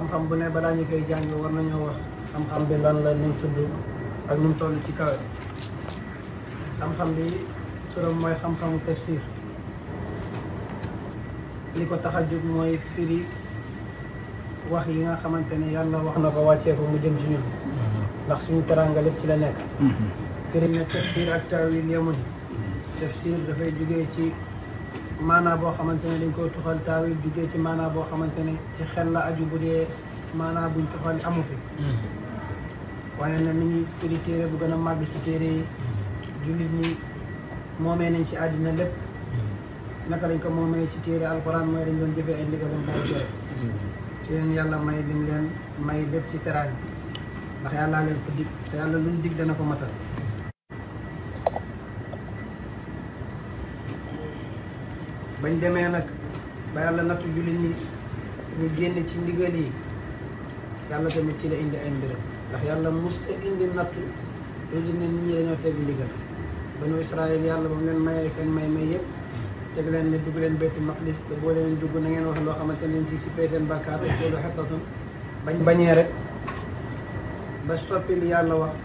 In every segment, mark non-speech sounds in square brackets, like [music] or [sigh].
xam-xam bu ne balaa ñu koy jàng war nañoo wax xam-xam bi lan la ni tudd ak nu mu toll ci kawe xam-xam bi turam mooy xam-xamu tafsir li ko tax a mooy firi wax yi nga xamante ne yàlla wax na ko wàccee ko mu jëm ci ñun ndax suñu teranga ci la nekk mm-hmm. firi tafsir ak taawil yemuñ tafsir dafay jugee ci maanaa boo xamante ne dañ koy tuxal taawil jugee ci maanaa boo xamante ne ci xel la aju bu dee maanaa buñ tuxal amu fi waaye na mi ngi firi téere bu gën a màgg ci téere yi jullit ñi moomee nañ ci àddina lépp naka lañ ko moomee ci téere alquran mooy dañ doon jëfee ay ndigalam bàyyi jooy ci leen yàlla may lim leen may lépp ci teraan ndax yàllaa leen ko dig te yàlla luñ dig dana ko matal bañ démé nak ba yàlla nattu julli ñi ñu génn ci ndigal yi yàlla tamit ci la indi ay mbiram ndax yàlla mus a indi nattu loolu ne nit ñi dañoo teg ndigal banu Israël yàlla ba mu leen mayee seen may may yëpp teg leen ni dugg leen bëti Maqdis te boo leen dugg na ngeen wax loo xamante ci si sippee seen bàkkaar loolu xetatun bañ bañee rek ba soppi li yàlla wax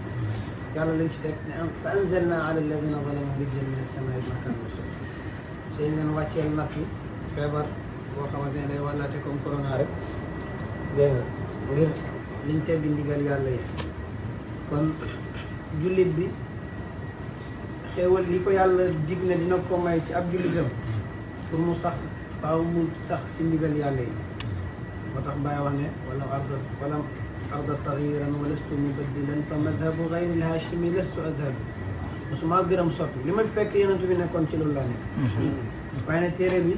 yàlla lañ ci tek ne fa anzalna ala alladhina zalamu rijzan min assamai ma kanu seen leen wàcceel nattu feebar boo xamante ne day wàllaate comme rek ngir liñ tegg ndigal yàlla yi kon jullit bi xéewal li ko yàlla dig ne dina ko may ci ab jullitam pour mu sax faaw mu sax si ndigal yàlla yi moo tax Baye wax ne wala arda wala arda taxiran wa lastu mubaddilan fa madhabu gayri lhashimi lastu adhabu musuma gërëm soppi li ma fekk yenentu bi nekkoon ci loolu laa waaye nag téere bi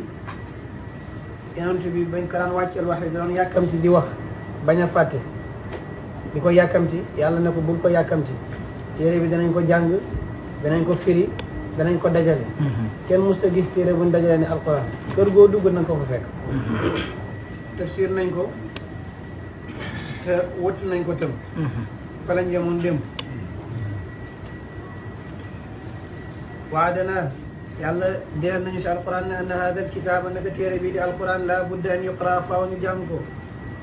yonent bi bañ ko daan wàcceel wax da doon yàkkamti di wax bañ a fàtte di ko yàkkamti yàlla ne ko bul ko yàkkamti téere bi danañ ko jàng danañ ko firi danañ ko dajale kenn mës a gis téere buñ dajale ne alquran kër goo dugg na ko fa fekk tafsir nañ ko te wattu nañ ko tëm fa jëm yemoon démb waa dana yàlla deel nañu si alquran ne anna hada alkitaaba naka téere bii di alquran laa budda an yuqraa faaw ñu jàng ko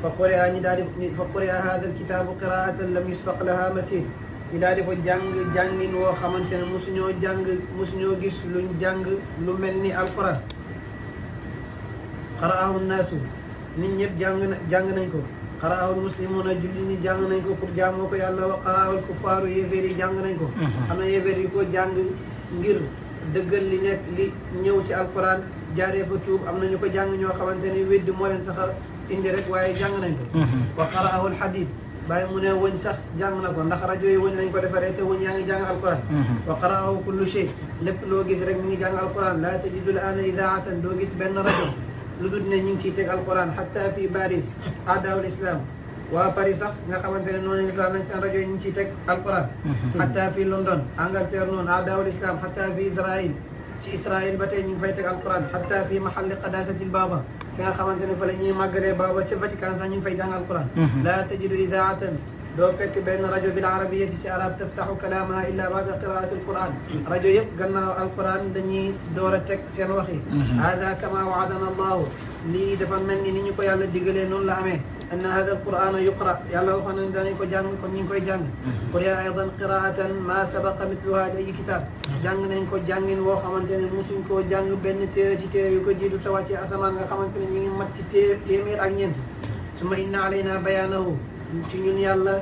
fa quri'a ñu daal di fa quri'a hada alkitaabu qiraatan lam yusbaq laha masin ñu daal di ko jàng jàngin woo xamante ne mosuñoo jàng mosuñoo gis luñ jàng lu mel ni alquran qara'ahu nnaasu nit ñëpp jàng na jàng nañ ko qara'ahu muslimuna julli ñi jàng nañ ko pour jaamoo ko yàlla wa qara'ahu alkuffaaru yéeféer yi jàng nañ ko mm-hmm. am na yéeféer yi ko jàng ngir dëggal li nekk li ñëw ci alquran jaaree fa tuub am nañu ko jàng ñoo xamante ni weddi moo leen tax a indi rek waaye jàng nañ ko wa qara'ahu alxadid bàyyi mu ne wëñ sax jàng na ko ndax rajo yi wëñ lañ ko defaree te wëñ yaa ngi jàng alquran wa qara'ahu kullu shay lépp loo gis rek mi ngi jàng alquran la tajidu l ana idaatan doo gis benn rajo lu dul ne ñu ngi ciy teg alquran xatta fi baris aadaawul islam waa Paris sax nga xamante ne noonu islam lañ seen rajo yi ñu ngi ciy teg alquran xataa mm-hmm. fii London Angleterre noonu adaawul islam xataa fii Israël ci Israël ba tey ñu ngi fay teg alquran xataa fii mahalli qadasatil baaba fi nga xamante ne fa la ñuy màggalee baaba ca Vatican sax ñu ngi fay jàng alquran mm-hmm. laa tajidu idaatan doo fekk benn rajo bil arabiyati ci arab taftaxu kalaamaha illa baada qiraati alquran mm-hmm. rajo yëpp gannaaw alquran dañuy door a teg seen wax yi hada kama waadana allahu lii dafa mel ni ni ñu ko yàlla digalee noonu la amee ان هذا القران يقرا يلا وخن داني كو جان كو نين كو جان ايضا قراءه ما سبق مثلها لاي كتاب جان نين كو جانين و خامتاني موسين كو جان بن تيري تي تيري يكو جيدو تواتي اسمان nga خامتاني نيغي مات تي تيمير اك نينت ثم ان علينا بيانه تي نين يالا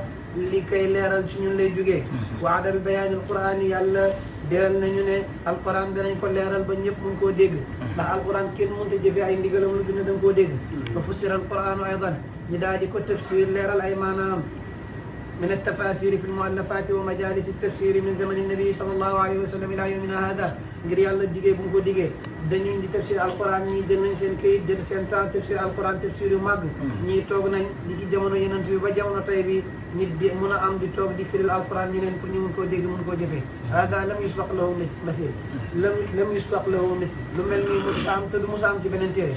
لي كاي ليرال تي نين لي جوغي وعدم بيان القران يالا déel nañu ne alquran danañ ko leeral ba ñëpp mun koo dégg ndax alquran kenn mënut a jëfee ay ndigalam lu dina da nga koo dégg ba mm. fussira alquranu aydan ñi daal di ko tafsir leeral ay maanaam min altafasiri fi lmuallafati wa majalis altafsiri min zamani nabii sallallahu alayhi wa sallam ila yawmina hada ngir yàlla digee bu mu ko digee dañuy di tafsir alquran ñii jël nañ seen këyit jël seen temps tafsir alquran tafsir yu màgg hmm. ñii toog nañ li ci jamono yonent bi ba jamono tay bi nit di mun am di toog di firil alquran ñeneen pour ñu mun koo dégg mun koo jëfee hmm. hada lam yusbaq lahu masil hmm. lam lam yusbaq lahu masil lu mel nii mosu am te du mosu am ci beneen téere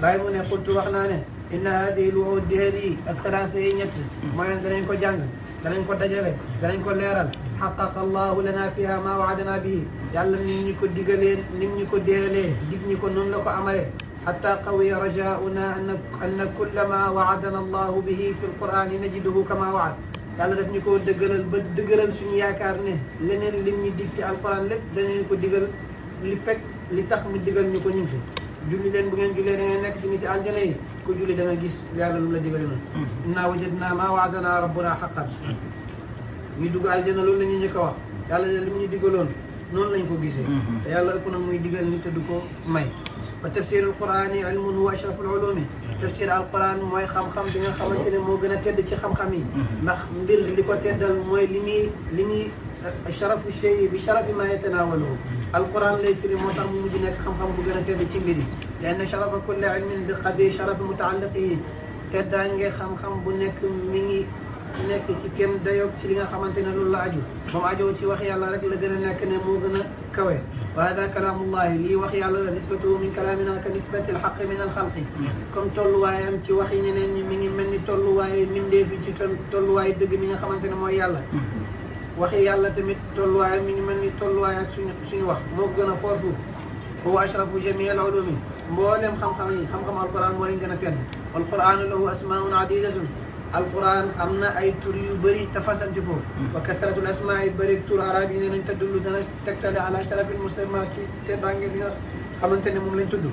bàyyi mu ne xultu wax naa ne inna hadihi luhud dihali ak xalaas yi ñett mooy danañ ko jàng danañ ko dajale danañ ko leeral حقق الله لنا فيها ما وعدنا به يلا نمني كدجلين نمني كدجلين جبني كنن لك أمره حتى قوي رجاؤنا أن أن كل ما وعدنا الله به في القرآن نجده كما وعد يلا دفني كدجل البدجل السنيا كارنه لنا لمني دكت القرآن لك لنا كدجل لفك لتخ مدجل نكون نمشي جولي دين بعند جولي دين نك سنيت الجنة كجولي دين جيس يلا نمشي دين إن وجدنا ما وعدنا ربنا حقا ñuy dugg aljana loolu la ñuy njëkk a wax yàlla ne li mu ñu diggaloon noonu lañ ko gisee te yàlla ëpp na muy diggal ni te du ko may ba tafsir alquran yi ilmun wa ashraful yi tafsir alquran mooy xam-xam bi nga xamante ne moo gën a tedd ci xam-xam yi ndax mbir li ko teddal mooy li muy li muy sharafu shay bi sharaf sharafi ma yatanawaluhu alquran lay firi moo tax mu mujj nekk xam-xam bu gën a tedd ci mbir yi lenn sharafa kulli almin bi xabi sharafi mutaalliqihi teddaange xam-xam bu nekk mi ngi nekk ci kem dayoog ci li nga xamante ne loolu la aju moom ajoo ci wax yàlla rek la gën a nekk ne moo gën a kawe wa hada kalaamullahi lii wax yàlla la nisbatuhu min kalaamina ka nisbati alxaqi min alxalqi comme tolluwaayam ci wax yi ñeneen ñi mi ngi mel ni tolluwaay mindeefi ci tolluwaay dëgg mi nga xamante ne mooy yàlla waxi yàlla tamit tolluwaayam mi ngi mel ni tolluwaay ak suñu suñu wax moo gën a foor fuuf huwa ashrafu jamii al ulumi mboolem xam-xam yi xam-xam alquran moo leen gën a tedd walquranu lahu asmaun adidatun القرآن أمنا أي تري بري تفصل جبو وكثرة الأسماء بري تور عربي أن تدل تكتل على شرف المسلمات تبانج لنا خمن تنمو لن تدل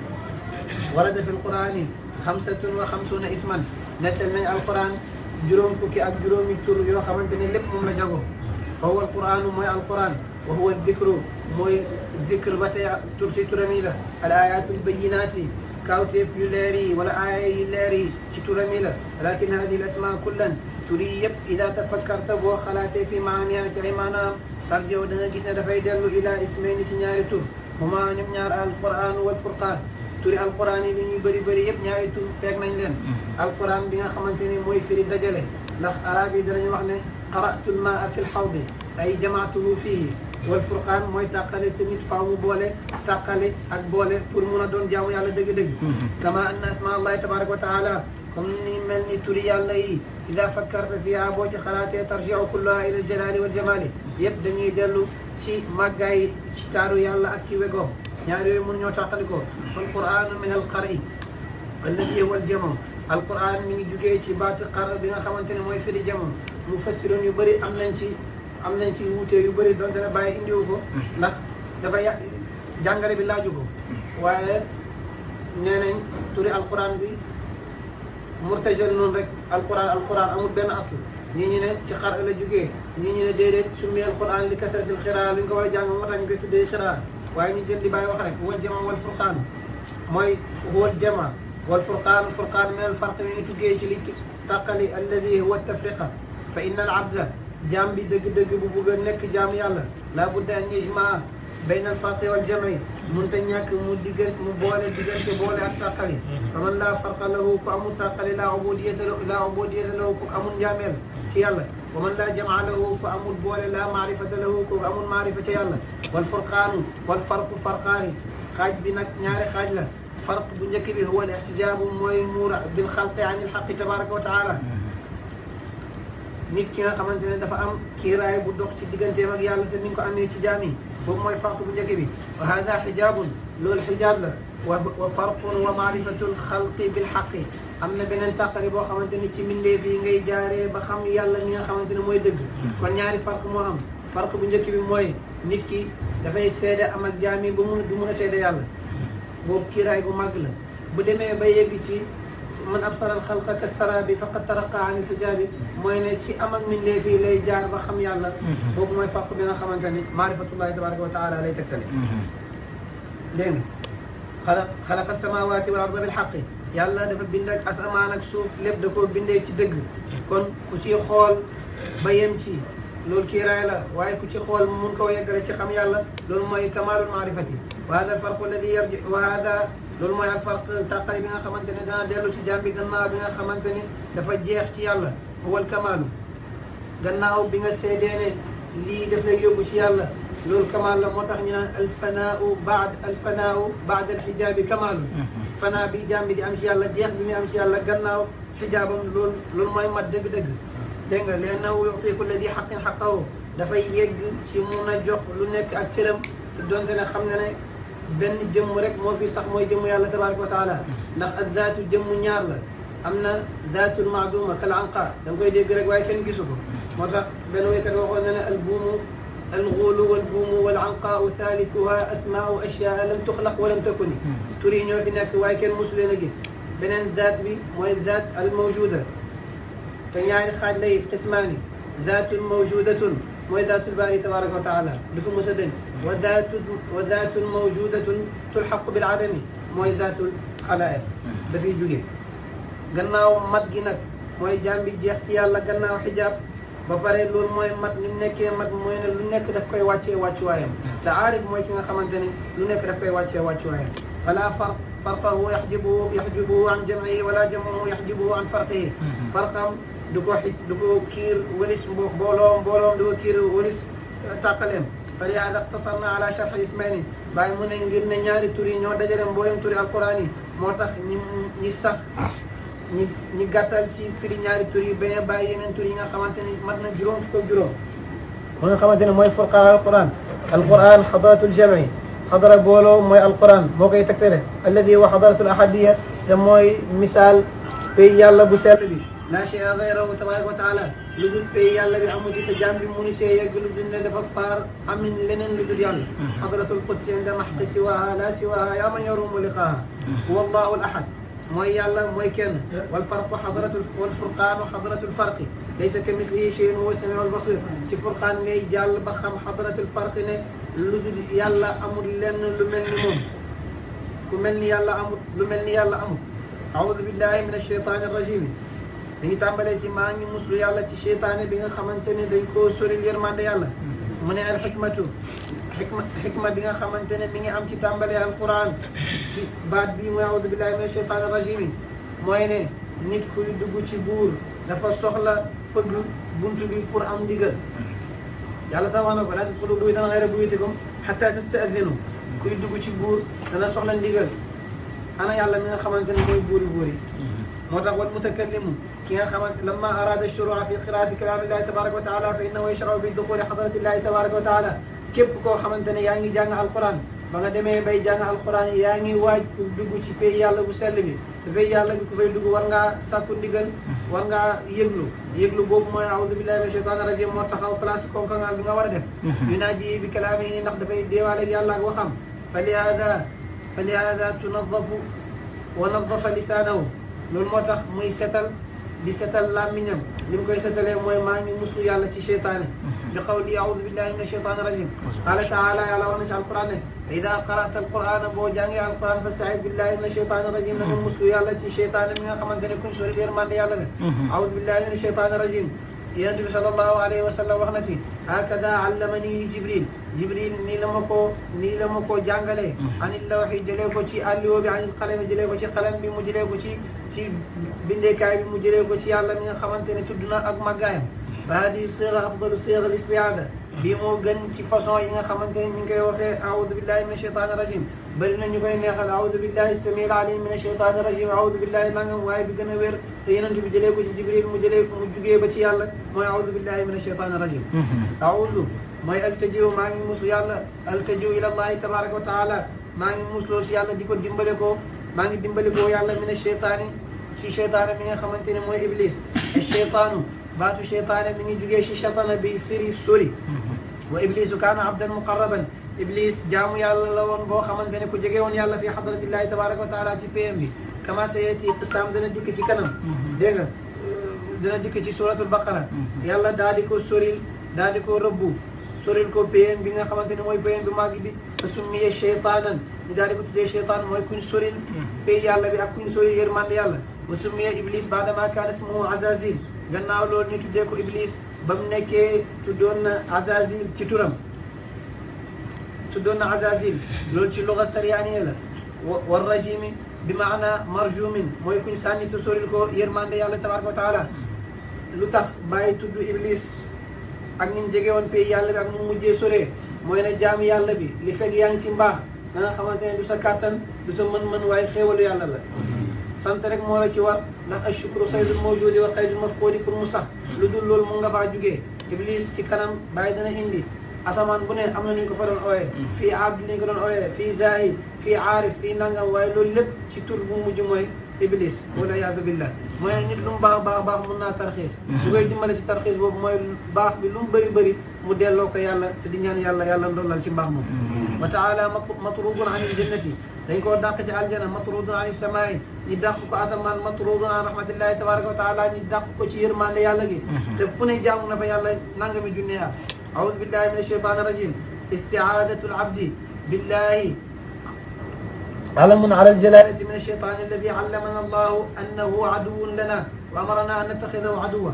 ورد في القرآن خمسة وخمسون اسما نتلنا القرآن جروم فكي أب جروم تور يو خمنت خمن تنلب مملجغو هو القرآن ما القرآن وهو الذكر ما الذكر بتاع ترسي تورميلا الآيات البينات كاوتيبيولاري والعائلاري تترمل لكن هذه الأسماء كلا تريب إذا تفكرت بوخلاتي في معانيها تعيمانا ترجع دنجسنا دفايدا إلى اسمين سنيارته هما نمنار القرآن والفرقان turi alquran yi ñuy bëri bëri yëpp ñaari tur feeg nañ leen alquran bi nga xamante ni mooy firi dajale ndax arab yi danañu wax ne qara'tu al maa fi al xawdi ay jamaatuhu fihi والفرقان موي تاقالي تي نيت فامو بولين تاقالي اك بولين بور مونا دون جامو يالا دغ دغ كما ان اسماء الله تبارك وتعالى كني ملني تري يالا اي اذا فكرت فيها بوج خلاتي ترجع كلها الى الجلال والجمال يب دني ديلو تي ماغاي تي تارو يالا اك تي ويغو نياري مون نيو تاقاليكو فالقران من القري الذي هو الجمع القران من جوغي تي بات قر بيغا خامتني موي فيلي جمع مفسرون يبري ام am nañ ci wuute yu bëri donte ne bàyyi indiwu ko ndax dafa yà jàngale bi laaju ko waaye nee nañ turi alquran bi murtajal noonu rek alquran alquran amul benn asl ñii ñu ne ci xar la jógee ñii ñu ne déedéet summi alquran li kasratil xiraa lu ñu ko war a jàng moo tax ñu koy tuddee xiraa waaye ñu jël di bàyyi wax rek huwal jama wal furqaan mooy huwal jama wal furqaan furqaan min al farq mi ngi tuggee ci li tàqali alladi huwa tafriqa fa inna al abda جام بي دغ دغ بو بوغ نيك جام يالا لا بودا بين الفاتح والجمعي مونتا نياك مو ديغل مو بولا ديغل تي بولا اتاقلي فمن لا فرق له فام تاقلي لا عبوديه له لا عبوديه له فام جامل تي يالا ومن لا جمع له فام بولا لا معرفه له فام معرفه تي والفرقان والفرق فرقان خاج بي نك نياري خاج فرق بو نيك هو الاحتجاب موي بالخلق عن الحق تبارك وتعالى nit ki nga xamante ne dafa am kiiraay bu dox ci digganteem ak yàlla te ni nga ko amee ci jaam yi boobu mooy farq bu njëkk bi wa hada xijaabun loolu xijaab la wa farqun wa maarifatul xalqi bil xaqi am na beneen tàqari boo xamante ne ci mbindeef bi ngay jaaree ba xam yàlla mi nga xamante ne mooy dëgg kon ñaari farq moo am farq bu njëkk bi mooy nit ki dafay seede am ak jaam yi ba mun du mun a seede yàlla boobu kiiraay bu mag la bu demee ba yegg ci من ابصر الخلق كالسراب فقد ترقى عن الحجاب موي نتي امك من لي في لي جار با خم يالا بوك موي فاك بينا خمانتاني معرفه الله تبارك وتعالى لي تكتلي لين خلق خلق السماوات والارض بالحق يالا دفا بيندك اسمانك سوف لب دكو بيندي تي دغ كون كوتي خول با يمتي لول كي راي لا واي كوتي خول مون كو يغري تي خم يالا لول موي كمال المعرفه وهذا الفرق الذي يرجع وهذا loolu mooy ak farq tàqale bi nga xamante ne dana dellu ci jàmm bi gannaaw bi nga xamante ne dafa jeex ci yàlla wal kamaalu gannaaw bi nga seedee ne lii daf lay yóbbu ci yàlla loolu kamaal la moo tax ñu naan alfanaahu baad alfanaahu baad alxijaabi kamaalu fanaa bi jàmm bi di am ci yàlla jeex bi muy am ci yàlla gannaaw xijaabam loolu loolu mooy mat dëgg-dëgg dégg nga leennahu yuxti kulle di xaqin xaqahu dafay yegg ci mun a jox lu nekk ak cëram donte ne xam ne ne بن جم رك مو في صح موي جم يالله تبارك وتعالى نخ الذات جم نيار امنا ذات المعدومه كالعنقاء دنجي ديغ رك واي كين غيسوكو موتا بن وي كتو خو نانا البوم الغول والبوم والعنقاء ثالثها اسماء اشياء لم تخلق ولم تكن تريني في نك واي كين مسلمه غيس بنن ذات بي موي ذات الموجوده كان يعني خاد لي قسماني ذات موجوده موي ذات الباري تبارك وتعالى بكم مسدن وذات وذات موجودة تلحق بالعالم موي ذات الخلائق دبي جوجي غناو مات جي نك موي جام بي جيخ سي يالا غناو حجاب با باري لول موي مات نيم نيكي مات موي ن لو نيك داف كاي واتي واتي وايام تا عارف موي كيغا خامتاني لو نيك داف كاي واتي واتي وايام فلا فرق فرقه يحجبه يحجبه عن جمعه ولا جمعه يحجبه عن فرقه فرقم دوكو حيت دوكو كير ولس بولوم بولوم دوكو كير ولس تاقلم فلهذا اقتصرنا على شرح اسمين باي mu ne ngir ne ñaari tur yi ñoo dajale mboolem turi ني yi moo ني ñi ñi sax ñi ñi gàttal ci firi ñaari tur yi nga xamanteni matna juróom ko juróom moo nga xamanteni moy mooy alquran alquran xadaratul aljami hadra bolo moy alquran moo koy tegtale alladi wa xadaratul alahadiyya te moy misal te yàlla bu sel bi لا شيء غيره تبارك وتعالى لدود في يالله بحمد تجام بموني شيء يقول الدنيا دففار حمين لنن لدود يالله حضرة القدس عند محت سواها لا سواها يا من يروم لقاها هو الله الأحد موي يالله موي كان والفرق حضرة والفرقان حضرة الفرق ليس كمثله شيء هو السميع البصير في فرقان لي جال بخم حضرة الفرق لدود يالله أمر لن لمن مم كمن يالله أمر لمن يالله أمر أعوذ بالله من الشيطان الرجيم mi ngi tàmbalee ci maa ngi muslu yàlla ci seytaane bi nga xamante ne dañ koo soril yërmande yàlla mu ne al xikmatu xikma xikma bi nga xamante ne mi ngi am ci tàmbalee alquran ci baat bi mu aoudu billahi min asheytaan rajim yi mooy ne nit kuy dugg ci buur dafa soxla fëgg buntu bi pour am ndigal yàlla sax wax na ko laa tadxulu buyuutan ghayra buyuutikum hattaa tasta'zinu kuy dugg ci buur dana soxla ndigal ana yàlla mi nga xamante ne mooy buuri buur yi moo tax wal mutakallimu لما اراد الشروع في قراءه كلام الله تبارك وتعالى فانه يشرع في دخول حضره الله تبارك وتعالى كيف كو خمنتني ياغي جان القران ما ديمي باي جان القران ياغي واج دغو سي بي يالله بو سلمي تبي يالله كو فاي دغو ورغا ساكو ديغن ورغا يغلو يغلو بوب ما اعوذ بالله من الشيطان الرجيم ما تخاو بلاص كون كان غا ورا ديف يناجي بكلامه نخ دفاي ديوال يالله وخم فلهذا فلهذا تنظف ونظف لسانه للمتخ موي ستل di setal làmmiñam li mu koy setalee mooy maa ngi muslu yàlla ci seytaane bi qawli aoudu billahi min asheytaani rajim qala taala yàlla wax na ci alquran ne ida qarata alquran boo jàngee alquran fa said billahi min asheytaani rajim na nga muslu yàlla ci seytaane mi nga xamante ne kuñ sori yërmande yàlla la aoudu billahi min asheytaani rajim yonent bi sallallahu alayhi wa sallam wax na si hakada allamani jibril jibril nii la ma ko nii la ma ko jàngalee anil lawxi jëlee ko ci àlliwoo bi anil xalami jëlee ko ci xalam bi mu jëlee ko ci ci بندكاي مجري كو سي يالا ميغا خامتاني تودنا اك ماغايم بهذه السيرة أفضل السيرة للسيادة بيمو غن تي فاصون ييغا خامتاني نينغ كاي وخي أعوذ بالله من الشيطان الرجيم بل نيو كاي نيخال أعوذ بالله السميع العليم من الشيطان الرجيم أعوذ بالله من واي بيغنا وير تينن تي بيجلي كو جبريل مو جلي كو جوغي با سي يالا موي أعوذ بالله من الشيطان الرجيم أعوذ ما التجيو مع المسلم يا الله الى الله تبارك وتعالى مع المسلم يا ديكو ديمبالي كو ماغي ديمبالي كو يا من الشيطان شي شيطان مني خمنتين مو إبليس الشيطان باتو شيطان مني جوجيشي شطن بفري سوري وإبليس كان عبدا مقربا إبليس جامو يالا لون بو خمنتين كو جيغي جيجيون يالا في حضرة الله تبارك وتعالى في بي ام بي كما سيأتي قسام دنا ديك تي كنم ديغا دنا ديك تي سورة البقرة يالا دالكو سوري دالكو ربو soril ko PM bi nga xamante ne mooy PM bi mag بي te summiye cheytaanan ñu daal di ko tuddee cheytaan mooy kuñ soril pay yàlla bi ak kuñ soril yërmande yàlla wa summiya iblis baadama kaana ismuhu azazil gannaaw loolu ñu tuddee ko iblis ba mu nekkee tuddoon na azazil ci turam tuddoon na azazil loolu ci luga saryaaniya la war rajimi bi maana marjumin mooy kuñ sànni te soril ko yërmande yàlla tabaraka wa taala lu tax bàyyi tudd iblis ak ni mu jege woon pay yàlla bi ak mu mujjee soree mooy ne jaamu yàlla bi li fekk yaa ngi ci mbaax da nga xamante ne du sa kàttan du sa mën-mën waaye xéewalu yàlla la sant rek moo la ci war ndax ay shukru saydul mawjudi wa xaydul mafqudi pour mu sax lu dul loolu mun nga baa jugee iblis ci kanam bàyyi dana indi asamaan bu ne am na ñu ko fa doon ooyee mm. fii abdi ñu ko doon ooyee fii zaahid fii aarif fii nangam waaye loolu lépp ci tur bu mujj mooy iblis wala yaadu billah mooy nit lu mu baax baax baax mun naa tarxiis mm-hmm. lu koy dimbale ci tarxiis boobu mooy baax bi lu mu bëri bëri mu delloo ko yàlla te di ñaan yàlla yàlla ndolal ci mbaax moom mm-hmm. wa taala matrudun an il jannati dañ koo dàq ci aljana matrudun an il samaai ñi dàq ko asamaan matrudun an rahmatillahi tabaraka wa taala ñi dàq ko ci yërmande yàlla gi mm-hmm. te fu ne jaamu na fa yàlla nangami junne a aoudu billahi min asheytan irajim istiaadatu al abdi billahi علم على الجلالة من الشيطان الذي علمنا الله أنه عدو لنا وأمرنا أن نتخذه عدوا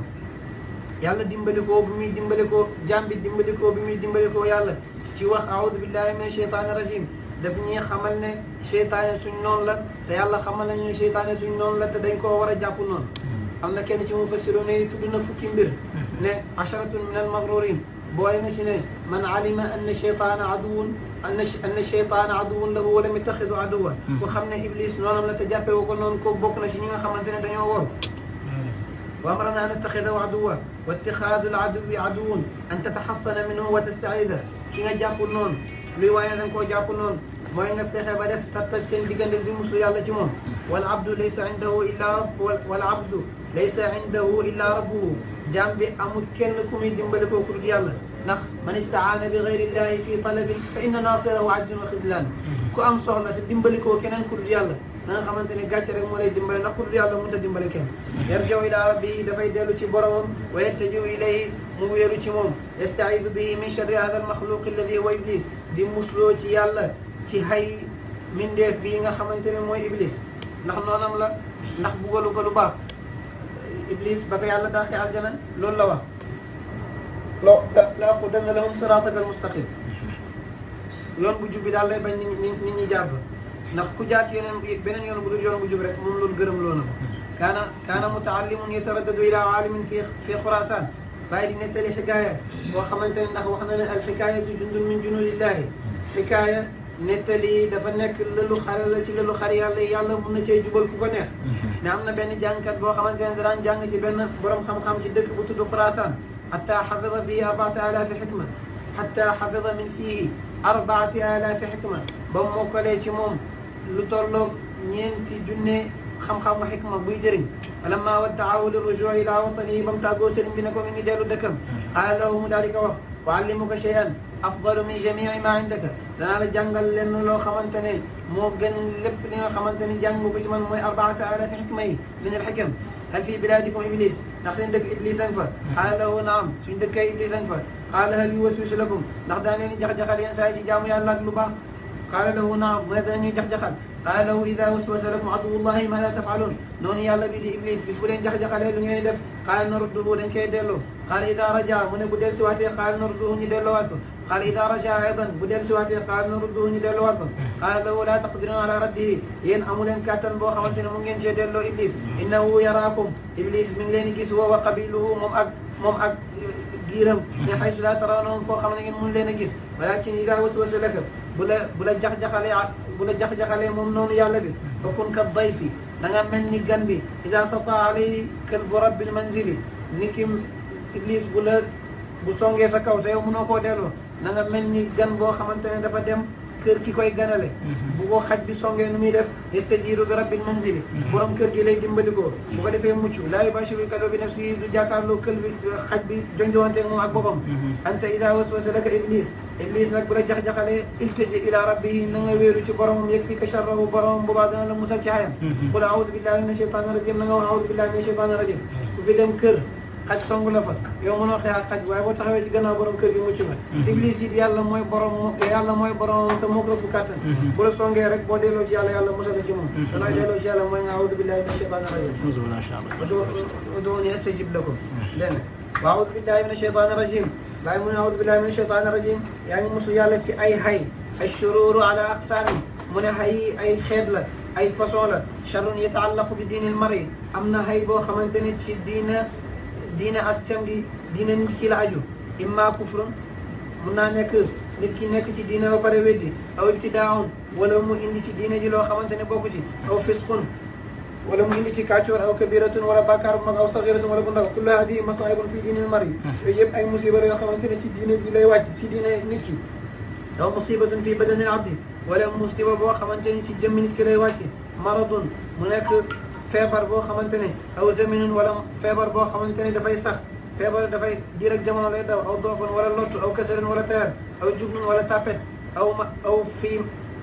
يلا دمبلكو بمي دمبلكو جنبي دمبلكو بمي دمبلكو يلا تي أعوذ بالله من الشيطان الرجيم دفني خملنا شيطان سنون لا يلا خملنا شيطان سنون لا تدنكو ورا جابو نون أما كان تي مفسرون تبنا فوكين بير عشرة من المغرورين بوينا شنو من علم أن الشيطان عدو ان ان الشيطان عدو له ولم يتخذ عدوا وخمنا ابليس نونا من تجافي وكنا نكون بوك لا شنو خمنا دنيا وامرنا ان نتخذه عدوا واتخاذ العدو عدو ان تتحصن منه وتستعيذه شنو جابو نون رواية كو جابو نون ما ينفخ بدف تتسين ديجن دي مسلو يالا تيمون والعبد ليس عنده الا رب والعبد ليس عنده الا ربه جنب امكنكم دي مبلكو كرو يالا نخ من استعان بغير الله في طلب فان ناصره عجز وخذلان كو ام سوخنا تي ديمبالي كو كينن كول يالا نا خامتاني غاتش رك مولاي ديمبالي نا كول يالا مو تا ديمبالي كين يرجو الى ربي دا فاي ديلو سي بوروم ويتجو اليه مو ويرو سي موم استعيذ به من شر هذا المخلوق الذي هو ابليس دي مسلو سي يالا سي هاي من ديف بيغا خامتاني موي ابليس نخ نونام لا نخ بوغلو كو لو با ابليس باكا يالا داخي الجنه لول لا واخ لأقعدن لهم صراطك المستقيم yoon bu jub bi daal lay bañ nit ñi nit ñi jaar fa ndax ku jaar ci yeneen beneen yoon bu dul yoon bu jub rek moom loolu gërëm loo na ko kaana kaana mutaallimun yataraddadu ila aalimin fi fi xurasaan bàyyi di nettali xikaaya boo xamante ne ndax wax na ne al xikaayatu jundun min junudillahi xikaaya nettali dafa nekk lëlu xare la ci lëlu xare yàlla yàlla mun na cee jubal ku ko neex ne am na benn jàngkat boo xamante ne daan jàng ci benn borom xam-xam ci dëkk bu tudd xurasaan حتى حفظ فيه أربعة آلاف حكمة حتى حفظ من فيه أربعة آلاف حكمة بمو كليتي موم لطلق نينتي جنة خم خم حكمة بيجري فلما ودعوه للرجوع إلى وطنه بمتا قوسر بينكم من جالو دكم قال له ذلك وقت وعلمك شيئا أفضل من جميع ما عندك لنا الجنجل لأنه لو خمنتني مو جن لب لنا خمنتني جنجو بجمن مو أربعة آلاف حكمة من الحكم hal fii bilaadikum iblis ndax seen dëkk iblis a ngi fa qaala lahu naam suñ dëkkee iblis a ngi fa qaala hal yuwaswisu lakum ndax daa leen jax-jaxal yenn saa yi ci jaamu yàlla ak lu baax qaala lahu naam mu ne danañuy jax-jaxal qaala lahu ida waswasa lakum aduwullahi ma la tafaluun noonu yàlla bi di iblis bis bu leen jax-jaxalee lu ngeen def qaala narudduhu dañ koy delloo qaala ida raja mu ne bu del si waxtee qaala narudduhu ñu delloowaat ko qaala ida raja aydan bu del siwaatee qaala narudduhu ñu delluwaat ko qaala lahu laa taqdiruna ala raddihi yéen amu leen kàttan boo xamante ne mu ngeen cee delloo iblis innahu yaraakum iblis mi ngi leen di gis wa wa qabiluhu moom ak moom ak eh, giiram min haysu laa tarawnahum foo xam ne ngeen mun leen a gis walakin ida waswasa laka bu la bu la jax-jaxalee bu la jax-jaxalee moom noonu yàlla bi fa kun ka dayfi da nga mel ni gan bi ida sata alayka bu rabbil manzili ni kim iblis bu la bu songee sa kaw te yow mënoo koo delloo na nga mel ni gan boo xamante ne dafa dem kër ki koy ganale mhm. bu ko xaj bi songee nu muy def istajiiru bi rabbil manzili mhm. borom kër gi lay dimbalikoo bu ko defee mucc laa yubashiru kadoo bi nafsi du jàkkaarloo kël bi xaj bi jonjowante moom ak boppam mhm. anta idaa waswasa laka iblis iblis nag bu la jax-jaxalee iltaji ilaa rabbihi na nga wéeru ci boromam yëg fii ka sharrahu boromam boobaa dana la musal ci xayam qul aoudu billahi mina sheytaani rajim na nga wax aoudu billahi mina sheytaani rajim ku fi dem kër xaj song la fa yow mënoo xeex ak xaj waaye boo taxawee ci gannaaw borom kër gi mucc nga iblis it yàlla mooy borom yàlla mooy borom te moo ko ëpp kàttan bu la songee rek boo delloo ci yàlla yàlla musal ci moom danaa delloo ci yàlla mooy nga awdu billahi min shaytaani rajim uduuni astajib lakum dégg nga wa awdu billahi min shaytaani rajim waaye mu ne awdu billahi min shaytaani rajim yaa ngi musu yàlla ci ay hay ay shururu ala aqsaami mu ne hay ay xeet la ay façon la charun yataallaqu bi diinil mari am na hay boo xamante ne ci diina diine astem di diine nit ki la aju imma kufrun mun naa nekk nit ki nekk ci diine ba pare weddi aw ibtidaawun wala mu indi ci diine ji loo xamante ne bokku ci aw fisqun wala mu indi ci kàccoor aw kabiratun wala bàkkaar bu mag aw saxiratun wala bu ndaw kullu hadi masaibun fi diinil mar yi yooyu yëpp ay musiba la yoo xamante ne ci diine ji lay wàcc ci diine nit ki aw musibatun fi badanil abdi wala musiba boo xamante ne ci jëmmi nit ki lay wàcc maradun mu nekk feebar boo xamante ne aw zaminin wala feebar boo xamante ne dafay sax feebar dafay diir ak jamono lay daw aw doofan wala lottu aw kasarin wala tawet aw jugnun wala tapet aw aw fii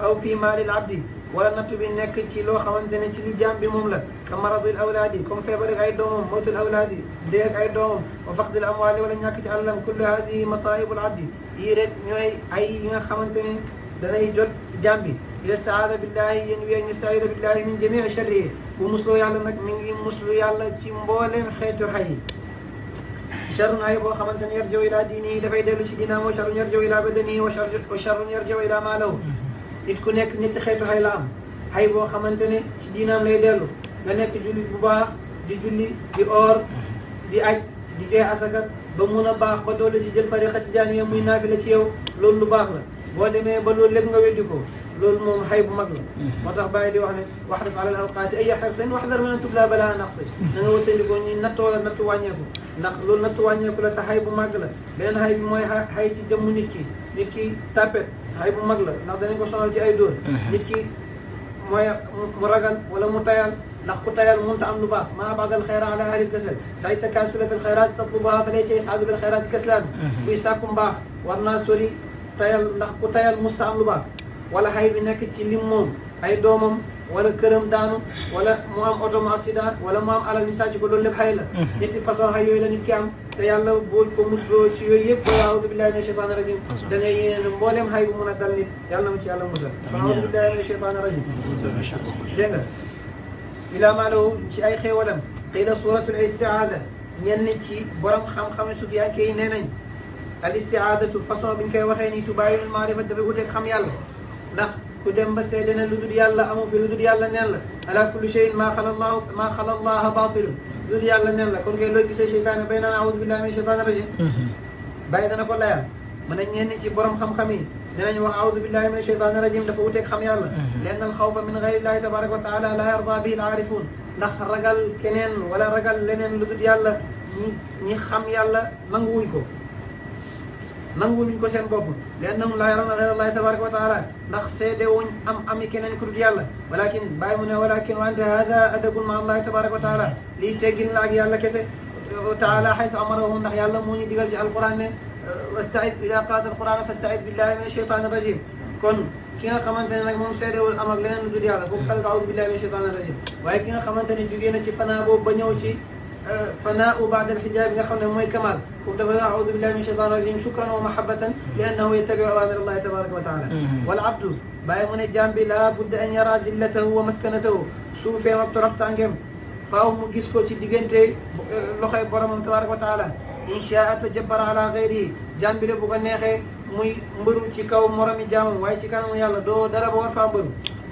aw fii maalil abdi wala nattu bi nekk ci loo xamante ne ci li jaam bi moom la ka maradil awlaadi comme feebar ak ay doomam mawtul awlaadi dee ak ay doomam wa faqdil amwaali wala ñàkk ci alalam kullu hadihi masaayibul abdi yii rek ñooy ay yi nga xamante ne danay jot jaam bi yastaada billahi yéen wiyeen yastaada billahi min jamii sharrihi bu musloo yàlla nag mi ngi muslu yàlla ci mbooleem xeetu xay yi charun ay boo xamante ne yarjaw ilaa diini dafay dellu ci diinaam wa charun yarjaw ilaa badani wa charun yarjaw ilaa maalaw nit ku nekk ñetti xeetu xay la am xay boo xamante ne ci diinaam lay dellu nga nekk jullit bu baax di julli di oor di aj di joxe asaka ba mun a baax ba doole si jël tariqa tijaaniya muy naafila ci yow loolu lu baax la boo demee ba loolu lépp nga weddi لول مو محيب ومقلب ما تخ باي لي وحنا واحرص على الأوقات أي حرص إن واحذر من أن تبلا بلا نقصش لأن هو تيجي يقول إن نتو ولا نتو وانيكو نق لول نتو وانيكو لا تحيب ومقلب بين هاي موي ها هاي سجمو نيكي نيكي تابت هاي ومقلب نقدر نقول الجاي دور نيكي موي مرجل ولا متيال نقطة تيال مونت عم نبا ما بعض الخير على أهل الكسل تاي تكاسل في الخيرات تطلبها فليس يسعد بالخيرات كسلان ويساكم با والناس سوري تيال نقطة تيال مستعم نبا wala xay bi nekk ci lim moom ay doomam wala këram daanu wala mu am oto mu accident wala mu am alal ñu sàcc ko loolu lépp xay la ñetti façon xay yooyu la nit ki am te yàlla boo ko musloo ci yooyu yëpp ba aoudu billahi mina cheytaani rajim da ngay yéene mbooleem xay bu mun a dal nit yàlla na ma ci yàlla musal kon aoudu billahi mina cheytaani rajim dégg nga ilaa maa lahu ci ay xéewalam qiila suratul istiaada ñenn ci borom xam-xam sufiyankee yi nee nañ al istiaadatu façon bi ñu koy waxee nii tubaayul maarifa dafay uteeg xam yàlla ndax ku dem ba seede ne lu dul yàlla amu fi lu dul yàlla neen la ala kulli cheyin maa xala allahu maa xala allaha batilun lu dul yàlla neen la kon kay looy gisee cheytaane bay naan aoudu billahi min cheytaani rajim bàyyi dana ko layal mën nañ ñenn ci borom xam-xam yi dinañ wax aoudu billahi min cheytaani rajim dafa wuteeg xam yàlla lenn al xawfa min gayrillahi tabaraka wa taala la yarda bihi al aarifun ndax ragal keneen wala ragal leneen lu dul yàlla ñi ñi xam yàlla nanguwuñ ko nangu luñ ko seen bopp leen nag laa yarawna xeyra llaahi tabaaraka wa taala ndax seede wuñ am ami keneen ku dul yàlla walakin bàyyi mu ne walakin wante hada adabul ma allaahi tabaaraka wa taala lii teggin la ak yàlla kese taala xaytu amarahum ndax yàlla moo ñu digal ci alquran ne wastaid ida qarat alquran fastaid billahi min asheytan irajim kon ki nga xamante ne nag moom seedewul am ak leneen lu dul yàlla kooku xalit aoudu billahi min asheytan irajim waaye ki nga xamante ne jugee na ci fanaa boobu ba ñëw ci فناء بعد الحجاب نحو من الكمال وتبدا اعوذ بالله من الشيطان الرجيم شكرا ومحبه لانه يتبع اوامر الله تبارك وتعالى والعبد باي من الجانب لا بد ان يرى ذلته ومسكنته شوف يا مبترف تانجم فاو مجسكو غيس كو سي ديغنتي لوخاي بروم تبارك وتعالى ان شاء تجبر على غيره جانب لي بوغ نيهي muy مبرو ci كاو moromi جام واي ci كانو يالا دو دارا بو war faa mbëru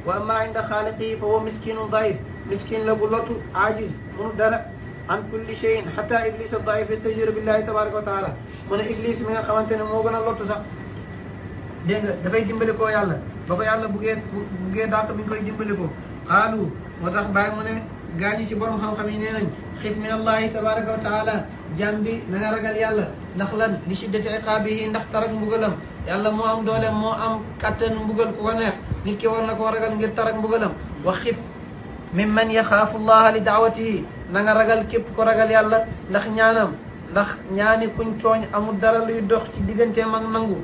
wa amma inda xaaliqi fa huwa miskinun daif miskin la bu an kulli shay'in hatta iblis ad-da'if istajara billahi tabaraka wa taala mu ne iblis mi nga xamante ne moo gën a lottu sax dégg nga dafay dimbali koo yàlla ba ko yàlla buggee buggee dàq mi ngi koy dimbali ko xaalu moo tax bàyyi mu ne gaañi ci borom xam-xam yi nee nañ xif min allahi tabaraka wa taala jàm bi na nga ragal yàlla ndax lan li shiddati iqaabihi ndax tarak mbugalam yàlla moo am doole moo am kattan mbugal ku ko neex nit ki war na koo ragal ngir tarak mbugalam wax xif ممن يخاف الله لدعوته نغرغل كيب كورغال يالا ناخ نيانام ناخ نياني كون توغ امو دارال لي دوخ سي ديغنتي ماك نانغو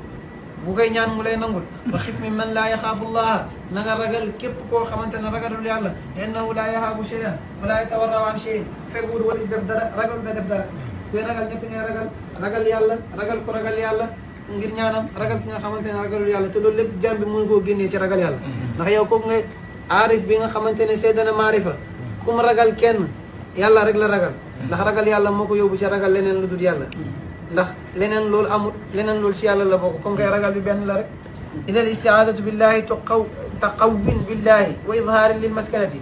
بوغي نيان مولاي نانغول وخيف ممن لا يخاف الله نغرغل كيب كو خامتنا رغال يالا انه لا يهاب شيئا ولا يتورع عن شيء فغور ولي دب رغال دا دب رغال نيت ني رغال رغال يالا رغال كورغال يالا ngir ñaanam ragal ki nga xamante ne ragalul yàlla te loolu lépp jàmbi mënu koo génnee ci ragal yàlla ndax yow kooku ngay aarif bi nga xamante ne seede na maarifa ku mu ragal kenn yàlla rek la ragal ndax ragal yàlla moo ko yóbbu ci ragal leneen lu dul yàlla ndax leneen loolu amul leneen loolu ci yàlla la bokk comme kay ragal bi benn la rek ida al istiaadatu billahi taqaw taqawwin billahi wa idhaarin lil maskanati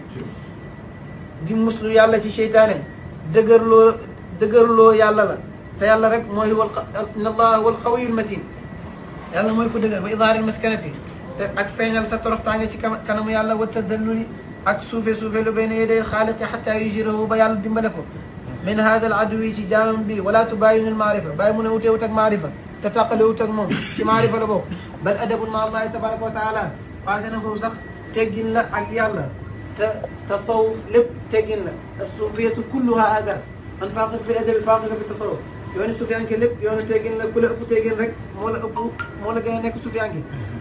di muslu yàlla ci seytaane dëgërloo dëgërloo yàlla la te yàlla rek mooy wal inna allaha wal qawiyul matin yàlla mooy ko dëgër wa idhaarin maskanati te ak feñal sa torox tangé ci kanamu yàlla wa tadalluli ak soufé soufé lu bayna yaday xaaliqi hatta yujirahu ba yàlla dimbale ko min hada al adwi ci jaamam bi wala tubayinu al ma'rifa bay mu ne wut ak maarifa te wut ak mom ci ma'rifa la bok bal adabun ma allah tabarak wa taala passé na foofu sax teggin la ak yàlla te tasawuf lépp teggin la as-sufiyatu kulluha adab an faaqa fi adabi faaqa fi tasawuf yoni sufyan ke lépp yoni teggin la kula la ëpp teggin rek mo la ëpp mo la gëna nek sufyan ke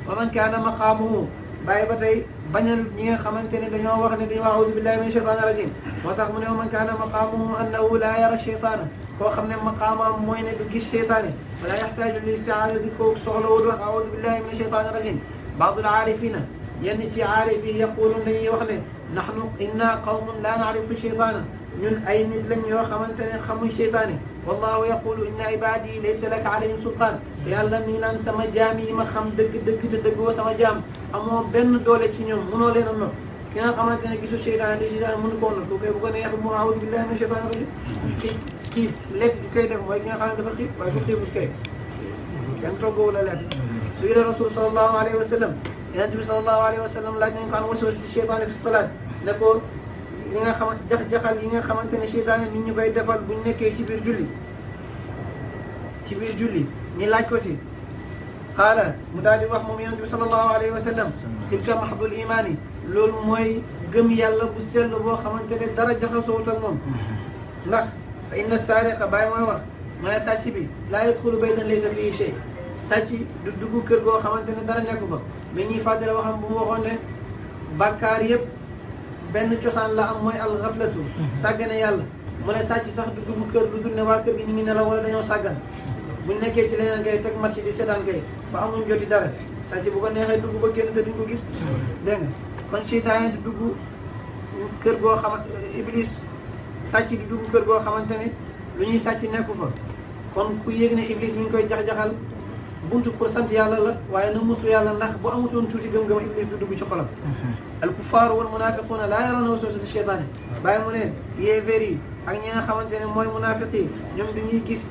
ومن كان مقامه باي باتاي باغال نيغا خامتاني دانيو واخ ني دانيو اعوذ بالله من الشيطان الرجيم وتاخ من من كان مقامه انه لا يرى الشيطان كو خامني مقامه موي ني دو غيس شيطاني ولا يحتاج للاستعاذه كوك سوغلو اعوذ بالله من الشيطان الرجيم بعض العارفين يعني تي عارف يقولون ني واخني نحن انا قوم لا نعرف الشيطان ñun ay nit lañ ñoo xamante ne xamuñ seytaane wallahu yaqulu inna ibadi laysa lak alayhim sultan yàlla mi ngi naan sama jaam yi ma xam dëgg dëgg te dëgg wa sama jaam amoo benn doole ci ñoom mënoo leen a noonu ki nga xamante ne gisul seytaane te seytaane mënu ko noonu kooku bu ko neexee mu awudu billahi min seytaane rajim ci ci lekk gi koy def mooy ki nga xam ne dafa xiif waaye bu xiifut kay kenn toggawu la lekk su ila rasul sallallahu alayhi wa sallam yonente bi sallallahu alayhi wa sallam laaj nañ ko am waswas ci seytaane fi salaat ne ko li nga xama jax-jaxal yi nga xamante ne seytaane nit ñu koy defal buñ nekkee ci biir julli ci biir julli ñi laaj ko ci xaala mu daal di wax moom yonent bi sallallahu alayhi wa sallam tilka mahdul imaan yi loolu mooy gëm yàlla bu sell boo xamante ne dara jaxasoowut ak moom ndax inna saariqa bàyyi ma wax mu ne sàcc bi laa yadxulu baytan laysa fiihi shay sàcc du dugg kër goo xamante ne dara nekku fa mais ñuy fàttali waxam bu mu waxoon ne bàkkaar yëpp benn cosaan la am mooy alxaflatu sàggane yàlla mu ne sàcc sax du dugg kër du dul ne waa kër gi ñu ngi nelaw wala dañoo sàggan bu nekkee ci leneen ngay teg marché di seetaan kay ba amuñ joti dara sàcc bu ko neexee dugg ba génn te duñ ko gis dégg nga kon seytaane di dugg kër goo xamante iblis sàcc di dugg kër goo xamante ne lu ñuy sàcc nekku fa kon ku yéeg ne iblis mi ngi koy jax-jaxal buntu pour sant yàlla la waaye na muslu yàlla ndax bu amutoon tuuti gëm-gëm iblis dugg ci الكفار والمنافقون لا يرون وسوسة الشيطان باي مولين يفيري اك نيغا خامتاني موي منافقي نيوم دي نيي غيس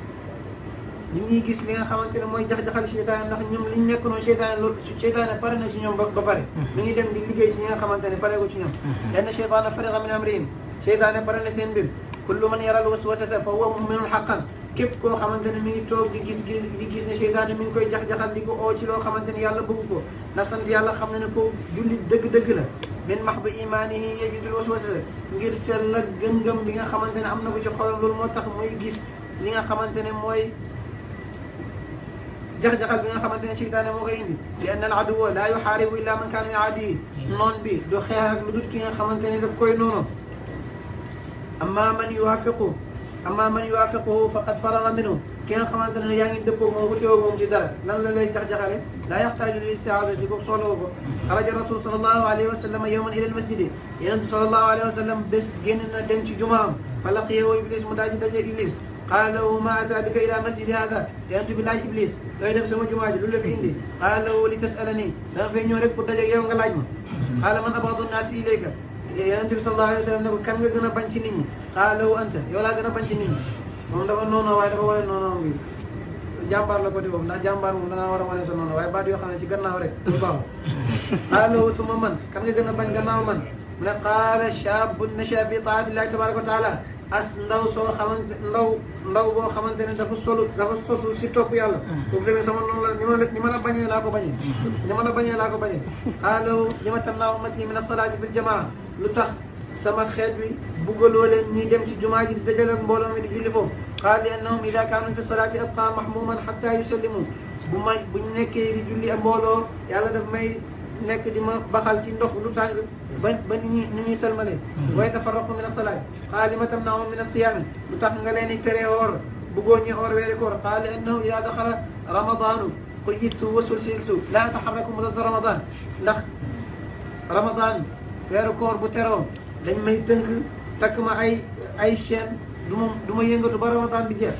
دي نيي غيس ليغا خامتاني موي جاخ جاخال الشيطان ناخ نيوم لي نيك نون شيطان لو شيطان بارنا سي نيوم با بار مي دي دم دي ليغي سي نيغا خامتاني باراي كو سي نيوم لان الشيطان فريق من امرين شيطان بارنا سين بير كل من يرى الوسوسة فهو مؤمن حقا كيف كو خامتاني مي توك دي غيس دي غيس ني شيطان مي كوي جاخ جاخان دي كو او تي لو خامتاني يالا بوبو كو لا سنت يالا خامنا نكو جولي دغ دغ لا من محض ايمانه يجد الوسوسه غير سال لا غنغم ليغا خامتاني امنا كو سي خولم لول موتاخ موي غيس ليغا خامتاني موي جاخ جاخان ليغا خامتاني شيطان مو كاي اندي لان العدو لا يحارب الا من كان يعاديه نون بي دو خيار لودوت كيغا خامتاني داف كوي نونو اما من يوافقه اما من يوافقه فقد فرغ منه كين خمانتنا يعني دبو موغوتيو موم جي دار لان لا لاي تخ جخالي لا يحتاج للاستعاذة بو صلو بو خرج الرسول صلى الله عليه وسلم يوما الى المسجد ين صلى الله عليه وسلم بس جيننا دنج جمعه فلقيه ابليس مداجي دجي ابليس قال له ما اتاك الى مسجد هذا انت بلا ابليس لاي نفس مو جمعه لولا في عندي قال له لتسالني دا في نيو رك بو دجي يوم قال من ابغض الناس اليك Eh, yonent ya, bi sallallahu alayhi wa sallam ne ko kan nga gën bañ ci nit ñi xaalawu anta yow laa gën bañ ci nit ñi moom dafa noonu waaye dafa wane noonu bi jàmbaar la côté boobu ndax jàmbaar moom da ngaa war a sa noonu waaye baat yoo xam ci gannaaw rek du baaxul xaalawu suma man kan nga gën bañ gannaaw man mu ne qaala shaabun bi taatillahi tabaraka taala as ndaw soo xamante ndaw ndaw boo xamante dafa solu dafa sosu si topp yàlla kooku tamit sama noonu la ñi ma ñi mën a bañee ko bañee ñi mën a bañee ko bañee xaalawu ñi ma tannaaw ummati min asalaati fi ljamaa lu sama xeet bi buggaloo leen ñuy dem ci jumaa ji di dajale mbooloo mi di julli foofu qaal li annahum ida kaanu fi salaati abqa mahmuman xatta yusallimu bu may buñ nekkee di julli mbooloo yàlla daf may nekk di ma baxal ci ndox lu tàng ba ba ni ñuy ni ñuy salmale way tafarraqu min asalaat qaal li ma tam min asiyaami lu tax nga leen di teree woor bëggoo ñu oor weeri koor qaal li annahum ida daxala ramadaanu wa sulsiltu laa ataxarraku mudada ramadan ndax ramadan wéru koor bu teroon dañ may tënk takk ma ay ay chaîne duma ma yëngatu ba ramadan bi jeex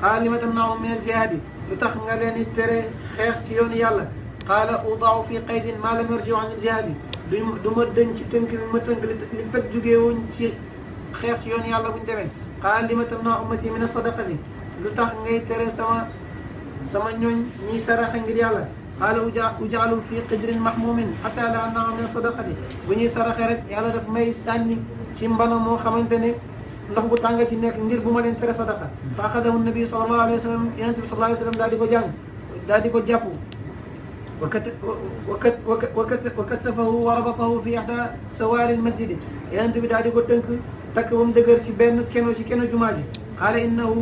qaala li ma tam naaw minal jihaadi lu tax nga leen di tere xeex ci yoonu yàlla qaala udaaw fi qaydin maa lam yarjiu an al jihaadi duñ du dëñ ci tënk bi ma tënk li fekk jógeewuñ ci xeex ci yoonu yàlla buñ demee qaala li ma tam naaw ummati min as sadaqati lu tax ngay tere sama sama ñooñ ñiy saraxe ngir yàlla قال وجعلوا في قدر محموم حتى لا نعم من صدقته بني سرق رك يلا دك ماي ساني شيمبانو مو خمانتني لو بو تانغا سي نيك ندير بوما لين تري صدقه فاخذه النبي صلى الله عليه وسلم ينتبه صلى الله عليه وسلم دادي كو جان دادي كو جابو وكت وكت وكت وربطه في احدى سوار المسجد ينتبه دادي كو تنك تكوم دغر سي بن كينو سي كينو جماجي قال انه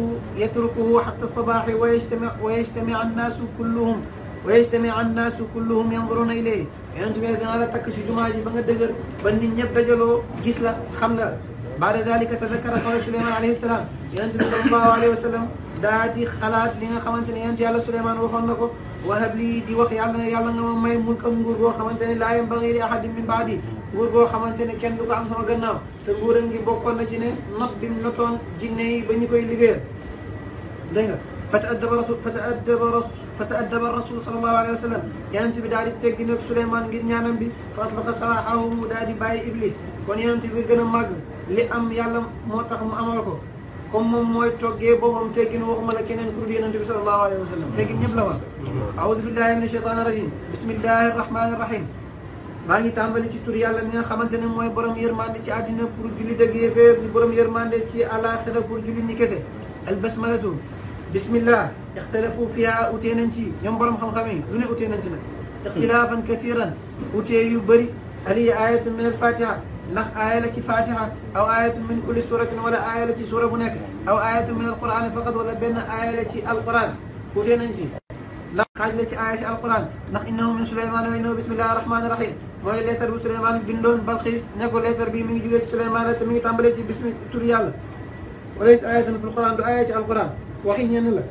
يتركه حتى الصباح ويجتمع ويجتمع الناس كلهم ويجتمع الناس كلهم ينظرون اليه انتم اذا لا تكشوا جماعه بن دغر بن نيب دجلو غيسلا خمنا بعد ذلك تذكر قول سليمان عليه السلام انتم صلى الله عليه وسلم دادي خلاص لي خمنتني انت على سليمان وخنكو وهب لي دي وخي يالا يالا نعم، ما ماي ملك نغور بو خمنتني لا ينبغي لاحد من بعدي نغور بو خمنتني كين دوغ ام سما غناو تنغور نغي بوكون نجي ني نوب نوتون جيني با نيكوي ليغير فتادب رسول فتادب رسول فتأدب الرسول صلى الله عليه وسلم يانت بدار التقنق سليمان قرنيا نبي فأطلق سراحه مداد باي إبليس كون يانت بقنا مقر لأم يعلم موتهم أمركم كم من موت توقي بوهم تكين وهم لكن نقول ينا النبي صلى الله عليه وسلم تكين نبلا أعوذ بالله من الشيطان الرجيم بسم الله الرحمن الرحيم ما هي تعمل تشتري على من خمدنا موي برم يرمان تشي أدينا برجلي دقيقة برم يرمان تشي على خير برجلي نكسة البسملة بسم الله اختلفوا فيها اوتي ننتي ينبر مخمخمين دون اوتي ننتنا اختلافا كثيرا اوتي يبري هلي آية من الفاتحة نخ آية لك فاتحة أو آية من كل سورة ولا آية لك سورة هناك أو آية من القرآن فقط ولا بين آية لك القرآن اوتي ننتي لا خاج لك آية القرآن نخ إنه من سليمان وإنه بسم الله الرحمن الرحيم وإن لا تربي سليمان جندون بلخيس نقول لا تربي من جلية سليمان تمني تنبليتي بسم الله وليس آية في القرآن بآية القرآن وحين ينلا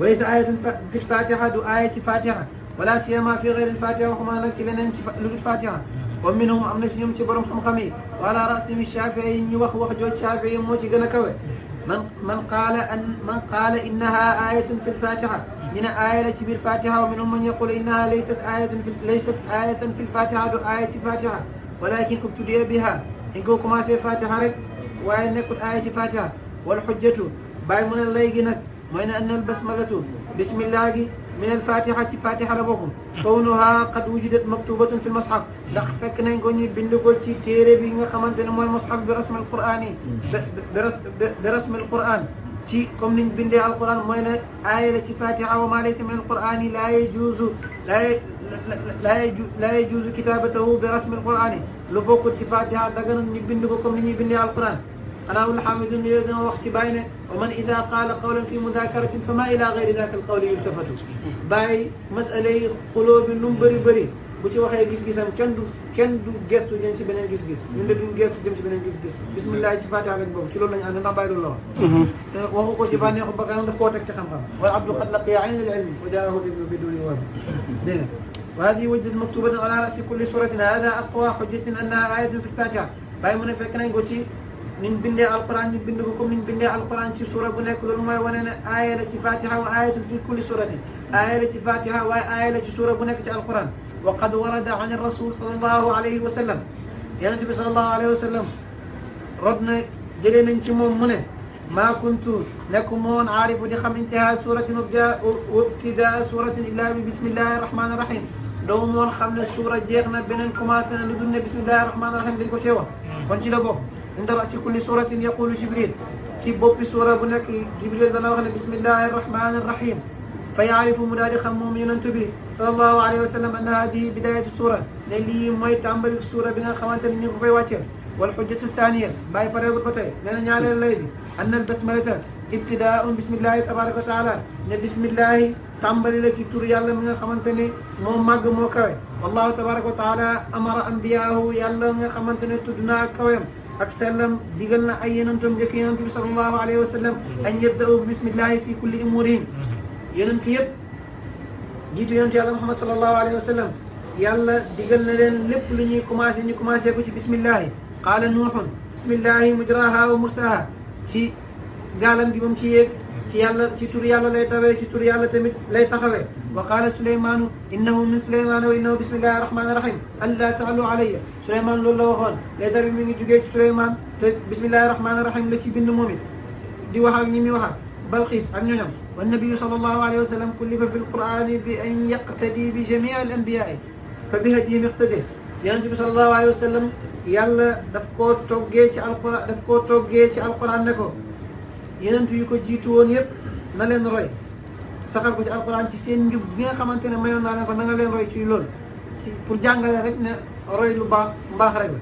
وليس آية في الفاتحة دو آية فاتحة ولا سيما في غير الفاتحة وهم لك لنا لوج الفاتحة ومنهم أمن سنيم تبرم حمقمي وعلى رأسهم الشافعي نيوخ وخجو الشافعي موت من من قال أن من قال إنها آية في الفاتحة من آية التي في الفاتحة ومنهم من يقول إنها ليست آية في ليست آية في الفاتحة دو آية فاتحة ولكن ابتلي بها إن كوكما سي فاتحة وإن آية فاتحة والحجة باي من الله يجنك من أن البسملة بسم الله من الفاتحة فاتحة ربكم كونها قد وجدت مكتوبة في المصحف دخفك نيجوني بندقول شيء تيري بينا خمان تنا ما المصحف برسم القرآن برس برسم القرآن شيء كم نيج بندع القرآن ما أنا آية فاتحة وما ليس من القرآن لا يجوز لا لا لا يجوز كتابته برسم القرآن لبوك تفاتحة دعنا نيج بندقول كم نيج بندع القرآن أنا أقول الحامد يريد وقت باينة ومن إذا قال قولا في مذاكرة فما إلى غير ذاك القول يلتفت باي مسألة قلوب نمبر بري بتي وحي جس جس كن دو كن دو جس جم ci benen gis gis ñu du gis jëm ci benen gis gis bismillah ci fatiha ak bobu ci loolu lañu and na bayru lo waxu ko ci baneexu bakkan daf ko tek ci xam xam wa abdu أنا laqiya ayn al ilm wa jaahu bi biduni wa dina وهذه وجد مكتوبة على رأس كل سورة هذا أقوى حجة أنها آية في الفاتحة باي من فكنا نقول من بيندي القران نين بيندو كوم نين بيندي القران سي سوره بو نيك لول موي وانا ايه لا سي فاتحه وايه في كل سوره ايه لا سي فاتحه وايه لا سي سوره بو نيك تي القران وقد ورد عن الرسول صلى الله عليه وسلم يعني النبي صلى الله عليه وسلم ربنا جيري نان سي موم مون ما كنت لكم من عارف دي خم انتهاء سوره مبدا وابتداء سوره الا بسم الله الرحمن الرحيم دو مون خم السوره جيغنا بنن كوماسنا لدن بسم الله الرحمن الرحيم دي كوتيوا كون عند راس كل سوره يقول جبريل في بوبي سوره بنك جبريل دانا بسم الله الرحمن الرحيم فيعرف مدارخا مؤمنا تبي صلى الله عليه وسلم ان هذه بدايه السوره للي ما يتعمل السوره بنا خوانت من غوي واتر والحجة الثانية باي فريق قطعي لنا نعلى الليل أن البسملة ابتداء بسم الله تبارك وتعالى بسم الله تنبل لك تري يالا من الخمنتني مو مغ مو والله تبارك وتعالى أمر أنبياءه يالا من الخمنتني تدنا كويم ak sallam digal na ay yonentam jek yonent bi sallallahu alayhi wa sallam an yabda'u bi bismillahi fi kulli umurihim yonent yeb jiitu yonent yàlla Muhammad sallallahu alayhi wa sallam yàlla digal na len lépp lu ñuy commencé ñu commencé ko ci bismillah qala nuuhun bismillah mujraha wa mursaha ci galam bi bam ci yéeg وقال سليمان انه من سليمان وانه بسم الله الرحمن الرحيم الا تعلوا علي سليمان لولا وخون لايتا من جوجي سليمان بسم الله الرحمن الرحيم لتي بن مومن دي واخا ني مي واخا بلقيس ان نيوم والنبي صلى الله عليه وسلم كلف في القران بان يقتدي بجميع الانبياء فبهديهم يقتدي يعني صلى الله عليه وسلم يلا دفكو توغي القران دفكو توغي القران نكو yenent yu ko jiitu woon yëpp na leen roy saxal ko ci alquran ci seen njub bi nga xamante ne mayoon naa leen ko na nga leen roy ci loolu pour jàngale rek ne roy lu baax mbaax rek la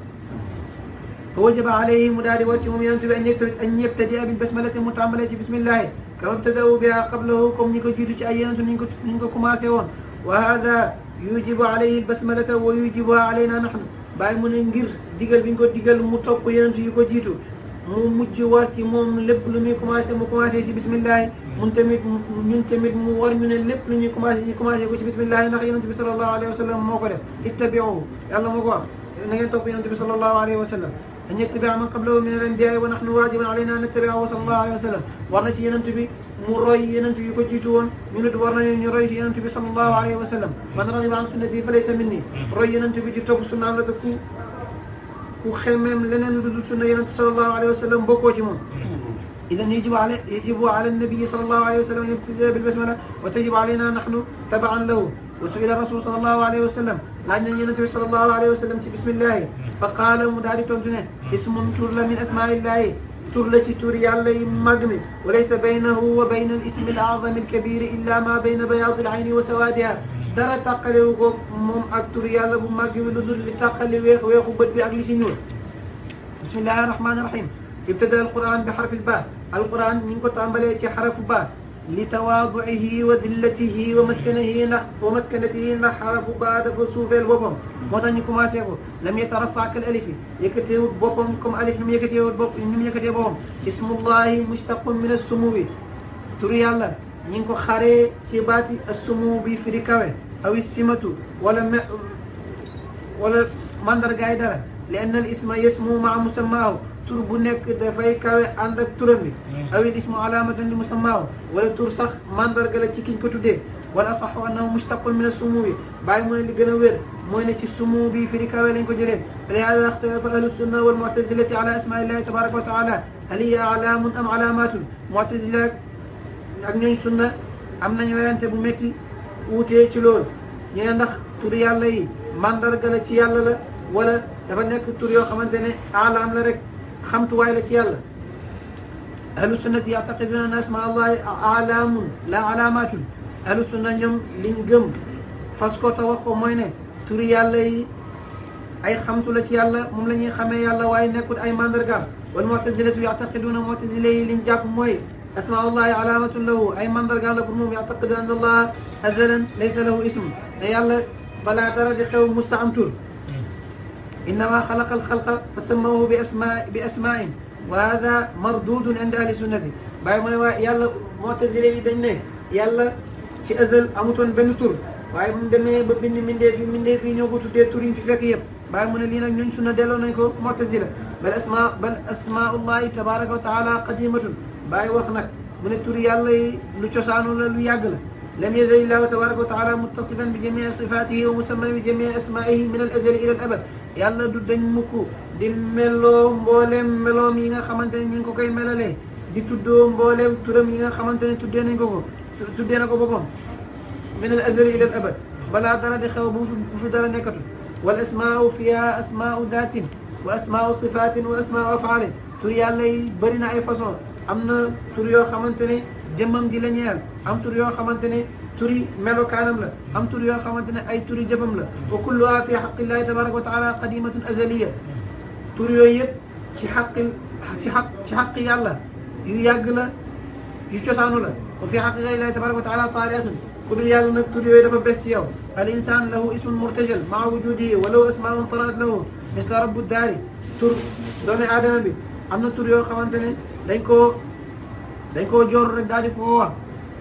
فوجب عليه مدار وجه مؤمن أن أن يبتدئ بالبسملة المتعملة بسم الله كما ابتدأوا بها قبله كم نيكو جيتو أيانتو نيكو كماسيون وهذا يوجب عليه البسملة ويوجبها علينا نحن باي من نغير ديغال بينكو ديغال مو توك يانتو يكو جيتو moom mucc war ci moom lépp lu muy commencé mu commencé ci bisimilah mun tamit ñun tamit mu war ñu ne lépp lu ñuy commencé ñu commencé ko ci bisimilah ndax yonent bi sallallahu alayhi wa sallam moo ko def ittabiu yàlla moo ko wax na ngeen topp yonent bi sallallahu alayhi wa sallam an yattabia man qablahu min al-anbiya wa nahnu waajibun alayna an nattabiahu sallallahu alayhi wa sallam war na ci yonent bi mu roy yonent yu ko jiitu woon ñu nit war nañu ñu roy ci yonent bi sallallahu alayhi wa sallam man radiba an sunnati falaysa minni roy yonent bi ci topp sunnaam la dëkku وخمم لنا leneen السنة ينت صلى الله عليه وسلم wa sallam إذا يجب على يجب على النبي صلى الله عليه وسلم الابتداء بالبسملة وتجب علينا نحن تبعا له وسئل الرسول صلى الله عليه وسلم لأن النبي صلى الله عليه وسلم بسم الله فقال مدارك الدنيا اسم ترلى من أسماء الله ترلى تري علي مجمد وليس بينه وبين الاسم الأعظم الكبير إلا ما بين بياض العين وسوادها dara tàqalewu ko moom ak tur yàlla bu màgg bi lu dul li tàqale weex weexu bët bi ak li si ñuul bismillahi rahmaani rahim ibtada alquran bi xarfi ba alquran ñu ngi ko tàmbalee ci xarafu ba li tawaaduihi wa dillatihi wa maskanihi ndax wa maskanatihi ndax xarafu ba dafa suufeel boppam moo tax ñu commencé ko lam yatarafa kal alifi yëkkateewut boppam comme alif ni mu yëkkateewut bopp ni mu yëkkatee boppam ismullahi mushtaqun min assumuwi tur yàlla ñi ngi ko xaree ci baati assumu bi firi kawe أو السمة ولم ولا من درجة إدارة لأن الاسم يسمو مع مسماه ترب نك دفايك عند ترمي أو الاسم علامة لمسماه ولا ترسخ من درجة لتكين كتودي ولا صح أنه مشتق من السمو باي من اللي جنوير من اللي السمو بي في ركاب لين كجرين لهذا اختلاف أهل السنة والمعتزلة على اسماء الله تبارك وتعالى هل هي علام أم علامات معتزلة أمن السنة أمن يوانت بمتي wuutee ci loolu ñu ne ndax tur yàlla yi mandarga la ci yàlla la wala dafa nekk tur yoo xamante ne alaam la rek xamtuwaay la ci yàlla ahlu sunnati yactaqiduna an asma allahi alaamun la alaamatun ahlu sunna ñoom liñ gëm fas ko te wax ko mooy ne tur yàlla yi ay xamtu la ci yàlla moom la ñuy xamee yàlla waaye nekkul ay mandargaam wal mu'tasilatu yactaqiduna mu'tasile yi liñ jàpp mooy أسماء الله علامة له أي من قال برموم يعتقد أن الله أزلا ليس له اسم أي الله بلا درجة مستعمتون إنما خلق الخلق فسموه بأسماء بأسماء وهذا مردود عند أهل السنة باي ما يلا معتزلة يلا إيه شيء أزل أموتون بنتور waaye bu ñu demee من bind mbindeef yi mbindeef yi ñoo ko tuddee tur yi ñu fi fekk yëpp bàyyi mu بل أسماء nag ñun sunna delloo باي وخنك من تري الله لتشان ولا ليغل لم يزل الله تبارك وتعالى متصفا بجميع صفاته ومسمى بجميع اسمائه من الازل الى الابد يلا دد مكو دي ملو مبولم ملو ميغا خمانتني نينكو كاي ملالي دي تودو مبولم تورم ميغا خمانتني تودي نينكو تودي نكو بوبم من الازل الى الابد بلا دار دي خاو بوفو دار نيكاتو والاسماء فيها اسماء ذات واسماء صفات واسماء افعال تري الله برنا اي فصول amna tur yo xamanteni jëmam di la ñeel am tur yo xamanteni ne turi melokaanam la am tur yo xamanteni ay turi jëfam la wa kullu fi xaqillahi tabaraka wa taala qadimatun azaliyya tur yo yeb ci haqqi ci xaq ci haqqi yàlla yu yag la yu cosaanu la wa fi xaqi gayrillahi tabaraka taala taariatun ku bil yàlla nak tur yo dafa bes ci yow al insan lahu ismun murtajal ma wujudi wa law asmaun tarad lahu misla rabbud daari tur doomi aadama bi amna tur yo xamanteni dañ koo dañ koo joor rek daal di ko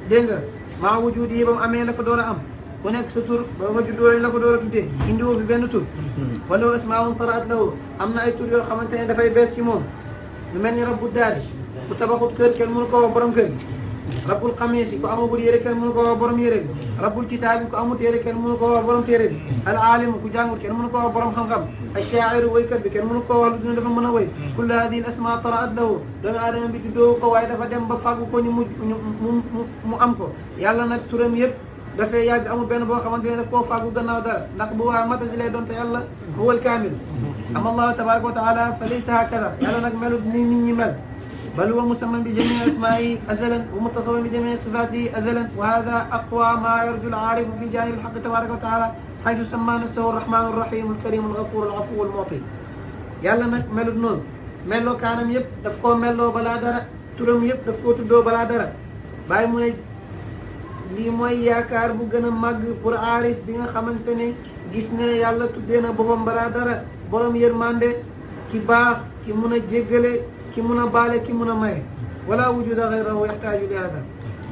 dégg nga maa wujudi yi ba mu amee la ko a am ku nekk sa tur ba ma juddoo lañ la ko door a tuddee indi woo fi benn tur [laughs] wala ismaun taraat lahu am na ay tur yoo xamante ne dafay bees ci moom lu mel ni rabbu daadi ku tabaxut kër kenn mu ko wax borom rabbul xamiisi ku amagul yére kenn mënu ko woo borom yére bi rabbul kitaabi ku amul yére kenn mënu ko woo borom téere bi al aalimu ku jàngul kenn mënu ko woo borom xam-xam ashaa'iru waykat bi kenn mënu ko woo dina dafa mën a woy kullu haadihi al asmaa taraat lahu doomu aadama bi tuddoo ko waaye dafa dem ba fàggu ko ñu mu mu am ko yàlla nag turam yëpp dafay yàgg amul benn boo xamante ne daf koo fàggu gannaaw dara ndax bu waa mata di lay doon te yàlla huwal kaamil am allahu tabaaraka wa taala fa laysa hakada yàlla nag melut ni nit ñi mel بل هو مسمى بجميع أسمائه أزلا ومتصف بجميع صفاته أزلا وهذا أقوى ما يرجو العارف في جانب الحق تبارك وتعالى حيث سمى نفسه الرحمن الرحيم الكريم الغفور العفو المعطي yàlla nag melut noonu melloo kaanam yëpp daf koo melloo balaa dara turam yëpp daf koo tuddoo balaa dara bàyyi mu ne lii mooy yaakaar bu gën a màgg pour aarif bi nga xamante ne gis ne yàlla tuddee na boppam balaa dara borom yërmande ki baax ki mun a jéggale كمنا بالي كمنا ماي ولا وجود غيره يحتاج لهذا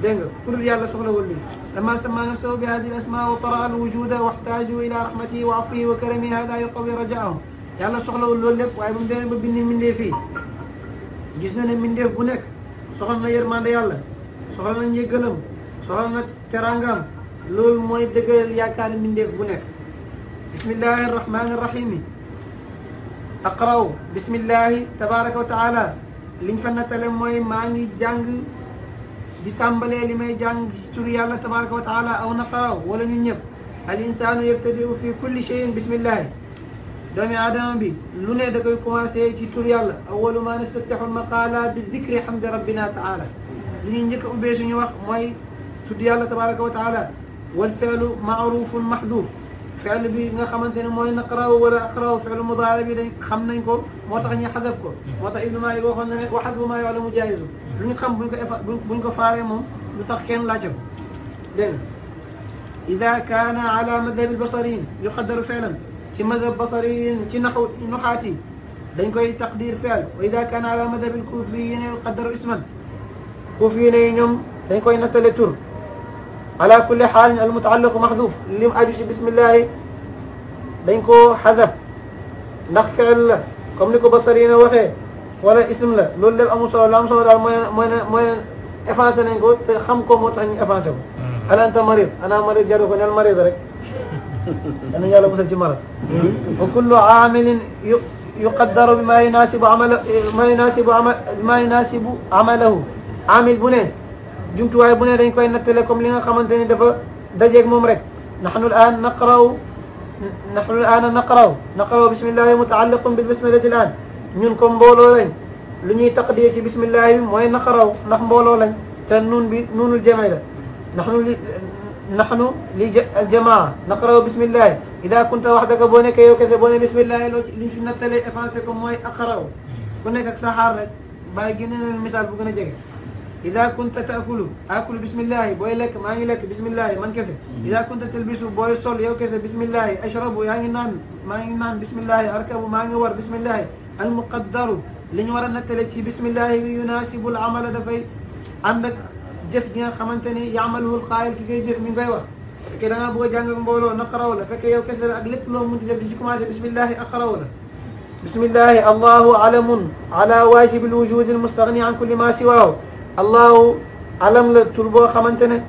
دينغ كل رجال سخلة ولي لما سمى نفسه بهذه الأسماء وطرأ الوجود واحتاجوا إلى رحمتي وعفوي وكرمي هذا يقوي رجاءهم يلا سخلة ولي لك وعيب مدين ببين من دي فيه جسنا من دي بنك سخلة نير ما دي الله سخلة نير قلم سخلة ترانغام لول مويد دقل يا كان من دي بنك بسم الله الرحمن الرحيم أقرأ بسم الله تبارك وتعالى لين فنة لموي ماني جانج دي تامبلي لمي جانج توري الله تبارك وتعالى أو نقرأ ولا ننيب الإنسان يبتدئ في كل شيء بسم الله دومي آدم بي لوني داكو كوماسي تي توري الله أول ما نستفتح المقالة بالذكر حمد ربنا تعالى لين نيك أوبيسو نيوخ موي توري الله تبارك وتعالى والفعل معروف محذوف فعل بي نغا خامتيني موي نقراو ولا اقراو فعل مضارع بي داي خمن نكو موتاخ ني حذف كو موتاخ ابن مالك واخون نا رك وحذف ما يعلم جائز لوني خم بو نكو بو نكو فاري موم لوتاخ كين لاجو دين اذا كان على مذهب البصريين يقدر فعلا في مذهب بصريين في نحو نحاتي دنجكو تقدير فعل واذا كان على مذهب الكوفيين يقدر اسما كوفيين نيوم دنجكو نتل تور على كل حال المتعلق محذوف اللي ما اجيش بسم الله بينكو حذف نخفع ال كملكو بصرينا وخي ولا اسم لا لول الامصا ولا امصا ولا مين مين افانسا نينكو خمكو موت عني افانسا هل انت مريض انا مريض جاروكو انا المريض رك انا جالو مسلسل مرض وكل عامل يقدر بما يناسب عمل ما يناسب عمل ما يناسب عمله عامل بنين jumtuwaay bu ne dañ koy nattale comme li nga xamante ni dafa dajeeg moom rek nahnu al an naqra'u nahnu al ana naqra'u naqra'u bismillahi mutaalliqun bil basmalati al an ñun comme mbooloo lañ lu ñuy taqdiye ci bismillahi bi mooy naqra'u ndax mbooloo lañ te nuun bi nuunul jamee la nahnu li nahnu li aljamaa naqra'u bismillahi ida kunta waxdaka boo nekkee yow kese boo ne bismillahi loo li ñu fi nattalee effacé ko mooy aqra'u ku nekk ak saxaar rek bàyyi génne leen misaal bu gën a jege إذا كنت تأكل أكل بسم الله بويلك ما يلك بسم الله من كسر إذا كنت تلبس بويسول يو كسر بسم الله أشرب يعني نان ما ينان بسم الله أركب ما ينور بسم الله المقدر لنور النتلتي بسم الله يناسب العمل دفي عندك جف جنا خمنتني يعمله القائل كي جف من غيره كده أنا بقول جانغ بقوله نقرأ ولا فك يو كسر أغلب لهم من تجيب تجيكم بسم الله أقرأ ولا بسم الله الله علم على واجب الوجود المستغني عن كل ما سواه الله علم لا تربو خمانتني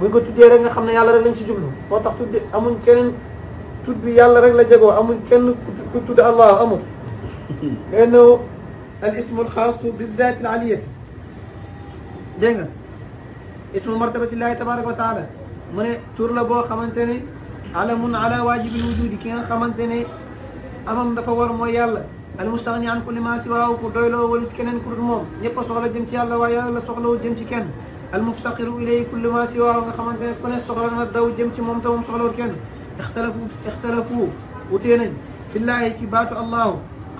بو كو تودي رك خمنا يالا رك لنجي جوبلو بو تخ تودي امون كين تود بي يالا رك لا جيغو امون كين تود الله امر لانه الاسم الخاص بالذات العليه دينا اسم المرتبه الله تبارك وتعالى من تورلا بو خمانتني علم على واجب الوجود كين خمانتني امام دا فور مو يالا المستغني عن كل ما سواه كدويلو ولسكنن كرمو نيكو سوغلا جيم تي الله ويا الله سوغلو جيم تي كين المفتقر اليه كل ما سواه غا خمانتي كون سوغلا نا داو جيم تي موم تاوم سوغلو كين اختلفوا اختلفوا وتينن في الله كي باتو الله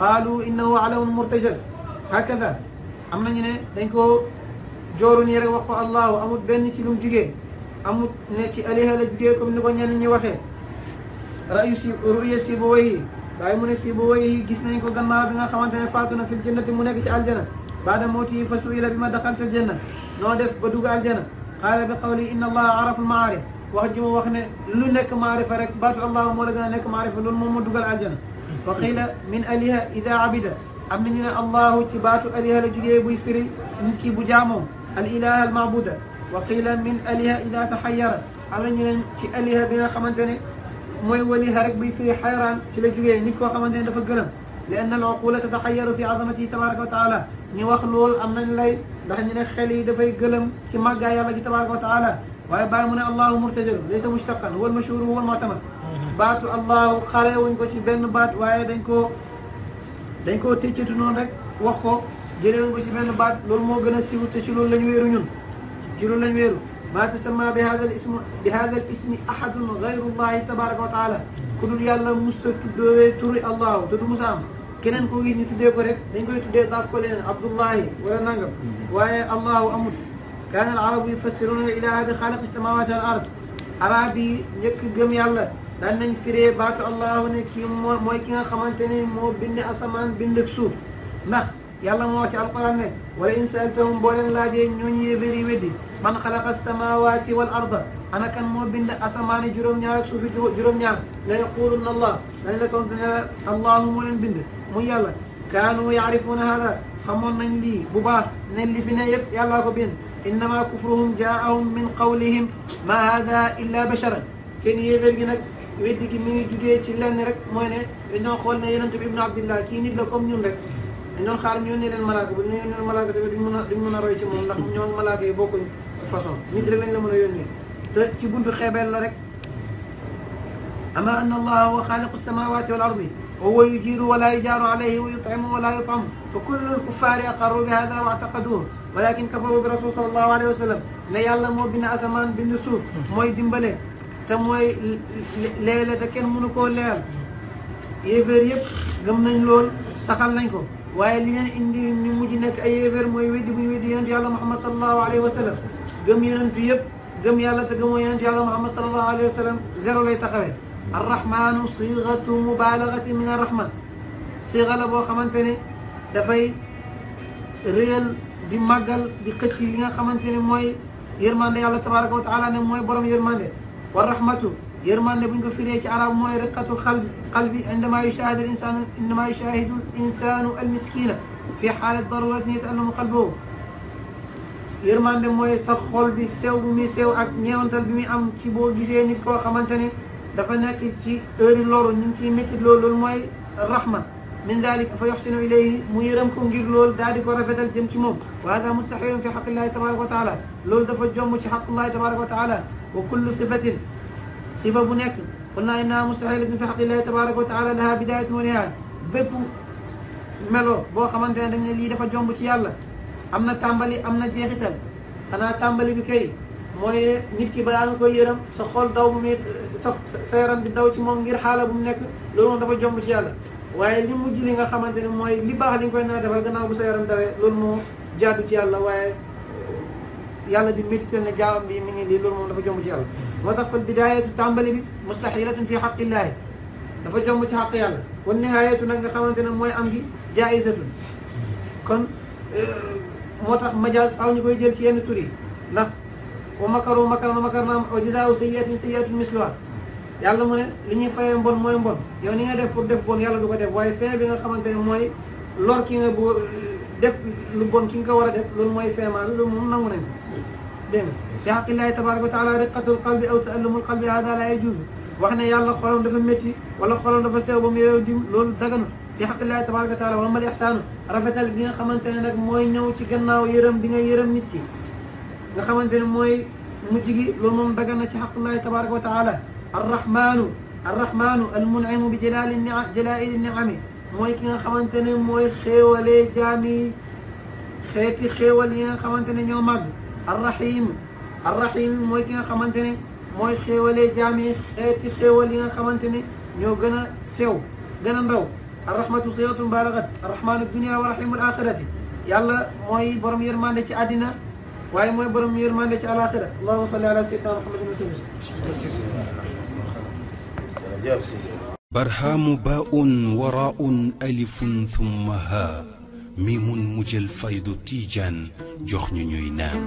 قالوا انه علو مرتجل هكذا اما ني ني دنجو جورو ني ري واخو الله امو بن سي لوم جيجي امو ني سي اليها لا جيجي كوم نيكو ني ني واخه رايسي رؤيسي بويه bàyyi mu ne si bu wéy gis nañ ko gannaaw bi nga xamante ne faatu na fil jannati mu nekk ci aljana baada mawti fa suila bi ma daxaltal janna noo def ba dugg aljana qaala bi qawli inna allaha arafa almaarif wax ji mu wax ne lu nekk maarifa rek baatu allah moo la gën a nekk maarifa loolu moom mu dugal aljana wa qiila min aliha ida abida am na ñu ne allahu ci baatu aliha la jugee buy firi nit ki bu jaamoom al ilaha al maabuda wa qiila min aliha ida taxayara am na ñu ne ci aliha bi nga xamante ne موي وليها ركبي في حيران شلا جوية نيت كو خمانتين دفا قلم لأن العقول تتحير في عظمته تبارك وتعالى ني واخ لول امنا نلاي دا خني نك خلي دا فاي گلم سي ماغا يالا جي تبارك وتعالى واي باي من الله مرتجل ليس مشتقا هو المشهور هو المعتمد بات الله خري وين كو سي بن بات واي دنجكو دنجكو تيتو نون رك واخكو جيرين كو سي بن بات لول مو گنا سيو تي سي لول لا نيويرو نون جيرو لا نيويرو ما تسمى بهذا الاسم بهذا الاسم احد غير الله تبارك وتعالى كل يالا مستو توري الله تدو مسام كنن كو ني تودي كو ريك دنجو تودي داس عبد الله ولا نانغام واي الله امر كان العرب يفسرون الاله بخالق السماوات والارض عربي نيك گم يالا دان نان فري باك الله نيكي موي كيغا خمانتني مو بن اسمان بن سوف نخ يالا مو واتي القران ولا ان سالتهم بولن لاجي نيو ني ريري ويدي من خلق السماوات والأرض أنا كان مؤمن أسماني جرم نيا سوفي جرم نيا لا يقولون الله لا لكم الله مؤمن بند مو يلا كانوا يعرفون هذا خمون نلي بوبا نلي بنا يب يلا كبين إنما كفرهم جاءهم من قولهم ما هذا إلا بشرا سيني يبلغنك ويدي كمي جوجي تشيلا نرك موينه انو خولنا يلن تبي ابن عبد الله كيني لكم نيون رك انو خار نيون نيلن ملاك بنيون نيون ملاك تبي دي مونا دي مونا روي تشي مون ملاك يبوكو façon nit rek lañ la mëna yoni te ci buntu xébel la rek ama anna allah wa khaliqu samawati wal ardi وهو يجير ولا يجار عليه ويطعم ولا يطعم فكل الكفار اقروا بهذا واعتقدوه ولكن كفروا برسول صلى الله عليه وسلم لا يالله مو بن اسمان بن سوف موي ديمبالي تا موي ليله كين منوكو ليل يفر يب غم نن لول سخال نانكو واي لي ندي ني مودي نك اي يفر موي ويدي بو ويدي يالله محمد صلى الله عليه وسلم gëm yonent yëpp gëm yàlla te gëmoo yonent yàlla muhammad salallahu alayhi wa sallam zéro lay taxawee arrahmanu sigatu mubalagati min arrahma siga la boo xamante ne dafay réel di màggal di xëcc li nga xamante ne mooy yërmande yàlla tabaraka wa taala ne mooy borom yërmande wa rahmatu yërmande buñ ko firee ci arab mooy riqatu xalbi qalbi indama yushahid al insanu indama yushahidu al insanu al miskina fi xaali darurati yatallamu qalbuhu yërmande moy sa xol bi sew bi mi sew ak ñewantal bi mi am ci bo gisee nit ko xamante dafa nekk ci heure yi ñu ci métti loolu loolu mooy rahma min dalik fa yuhsinu ilayhi mu yeram ko ngir loolu dal di ko rafetal jëm ci mom wa hada mustahilun fi haqqi llahi tabaarak wa taala loolu dafa jom ci haqqi llahi tabaarak wa taala wa kullu sifatin sifa bu nekk qul naa innaha mustahilatun fi xaqillahi tabaraka wa taala laha bidaayatun wa nihaya bépp melo bo xamante dañ ne li dafa jom ci yàlla amna tàmbali amna jeexital xanaa tàmbali bi kay mooy nit ki balaa nga koy yërëm sa xol daw bu muy sa sa yaram di daw ci moom ngir xaala bu mu nekk loolu moom dafa jomb ci yàlla waaye li mujj li nga xamante ne mooy li baax li nga koy naa defal gannaaw bu sa yaram dawee loolu moo jaadu ci yàlla waaye yàlla di métital ne jaam bi mi ngi lii loolu moom dafa jomb ci yàlla moo tax fal bidaayatu tàmbali bi mustaxilatun fi xaqillaahi dafa jomb ci xaq yàlla wan nihaayatu nag nga xamante ne mooy am gi jaayisatun kon moo tax majaas faaw ñu koy jël ci yenn tur yi ndax wa makaru makarna makarnaam wa jazaa'u sayyi'atin sayyi'atun misluha yàlla mu ne li ñuy fayee mbon mooy mbon yow ni nga def pour def bon yàlla du ko def waaye fin bi nga xamante ne mooy lor ki nga bu def lu bon ki nga ko war a def loolu mooy feemaa bi loolu moom nangu nañ dégg nga bi haqillahi tabaraka wa taala riqatul qalbi aw ta'allumul qalbi hada la yajuzu wax ne yàlla xolam dafa métti wala xolam dafa sew ba mu yow loolu daganut في حق الله تبارك وتعالى وهم الاحسان رفت الدين خمنتني نك موي نيو سي غناو يرم ديغا يرم نيت كي غا خمنتني موي مجيغي لو موم دغانا سي حق الله تبارك وتعالى الرحمن الرحمن المنعم بجلال النعم جلائل النعم موي كي خمنتني موي خيولي جامي خيتي خيول يا خمنتني نيو ماغ الرحيم الرحيم موي كي خمنتني موي خيولي جامي خيتي خيول يا خمنتني نيو غنا سيو غنا ndaw الرحمة صيغة بالغة الرحمن الدنيا ورحيم الآخرة يلا موي برم يرمان لك أدنى واي موي برم يرمان لك الآخرة اللهم صل على سيدنا محمد وسلم برهام باء وراء ألف ثم هاء ميم مجل فيض تيجان جخن يوينان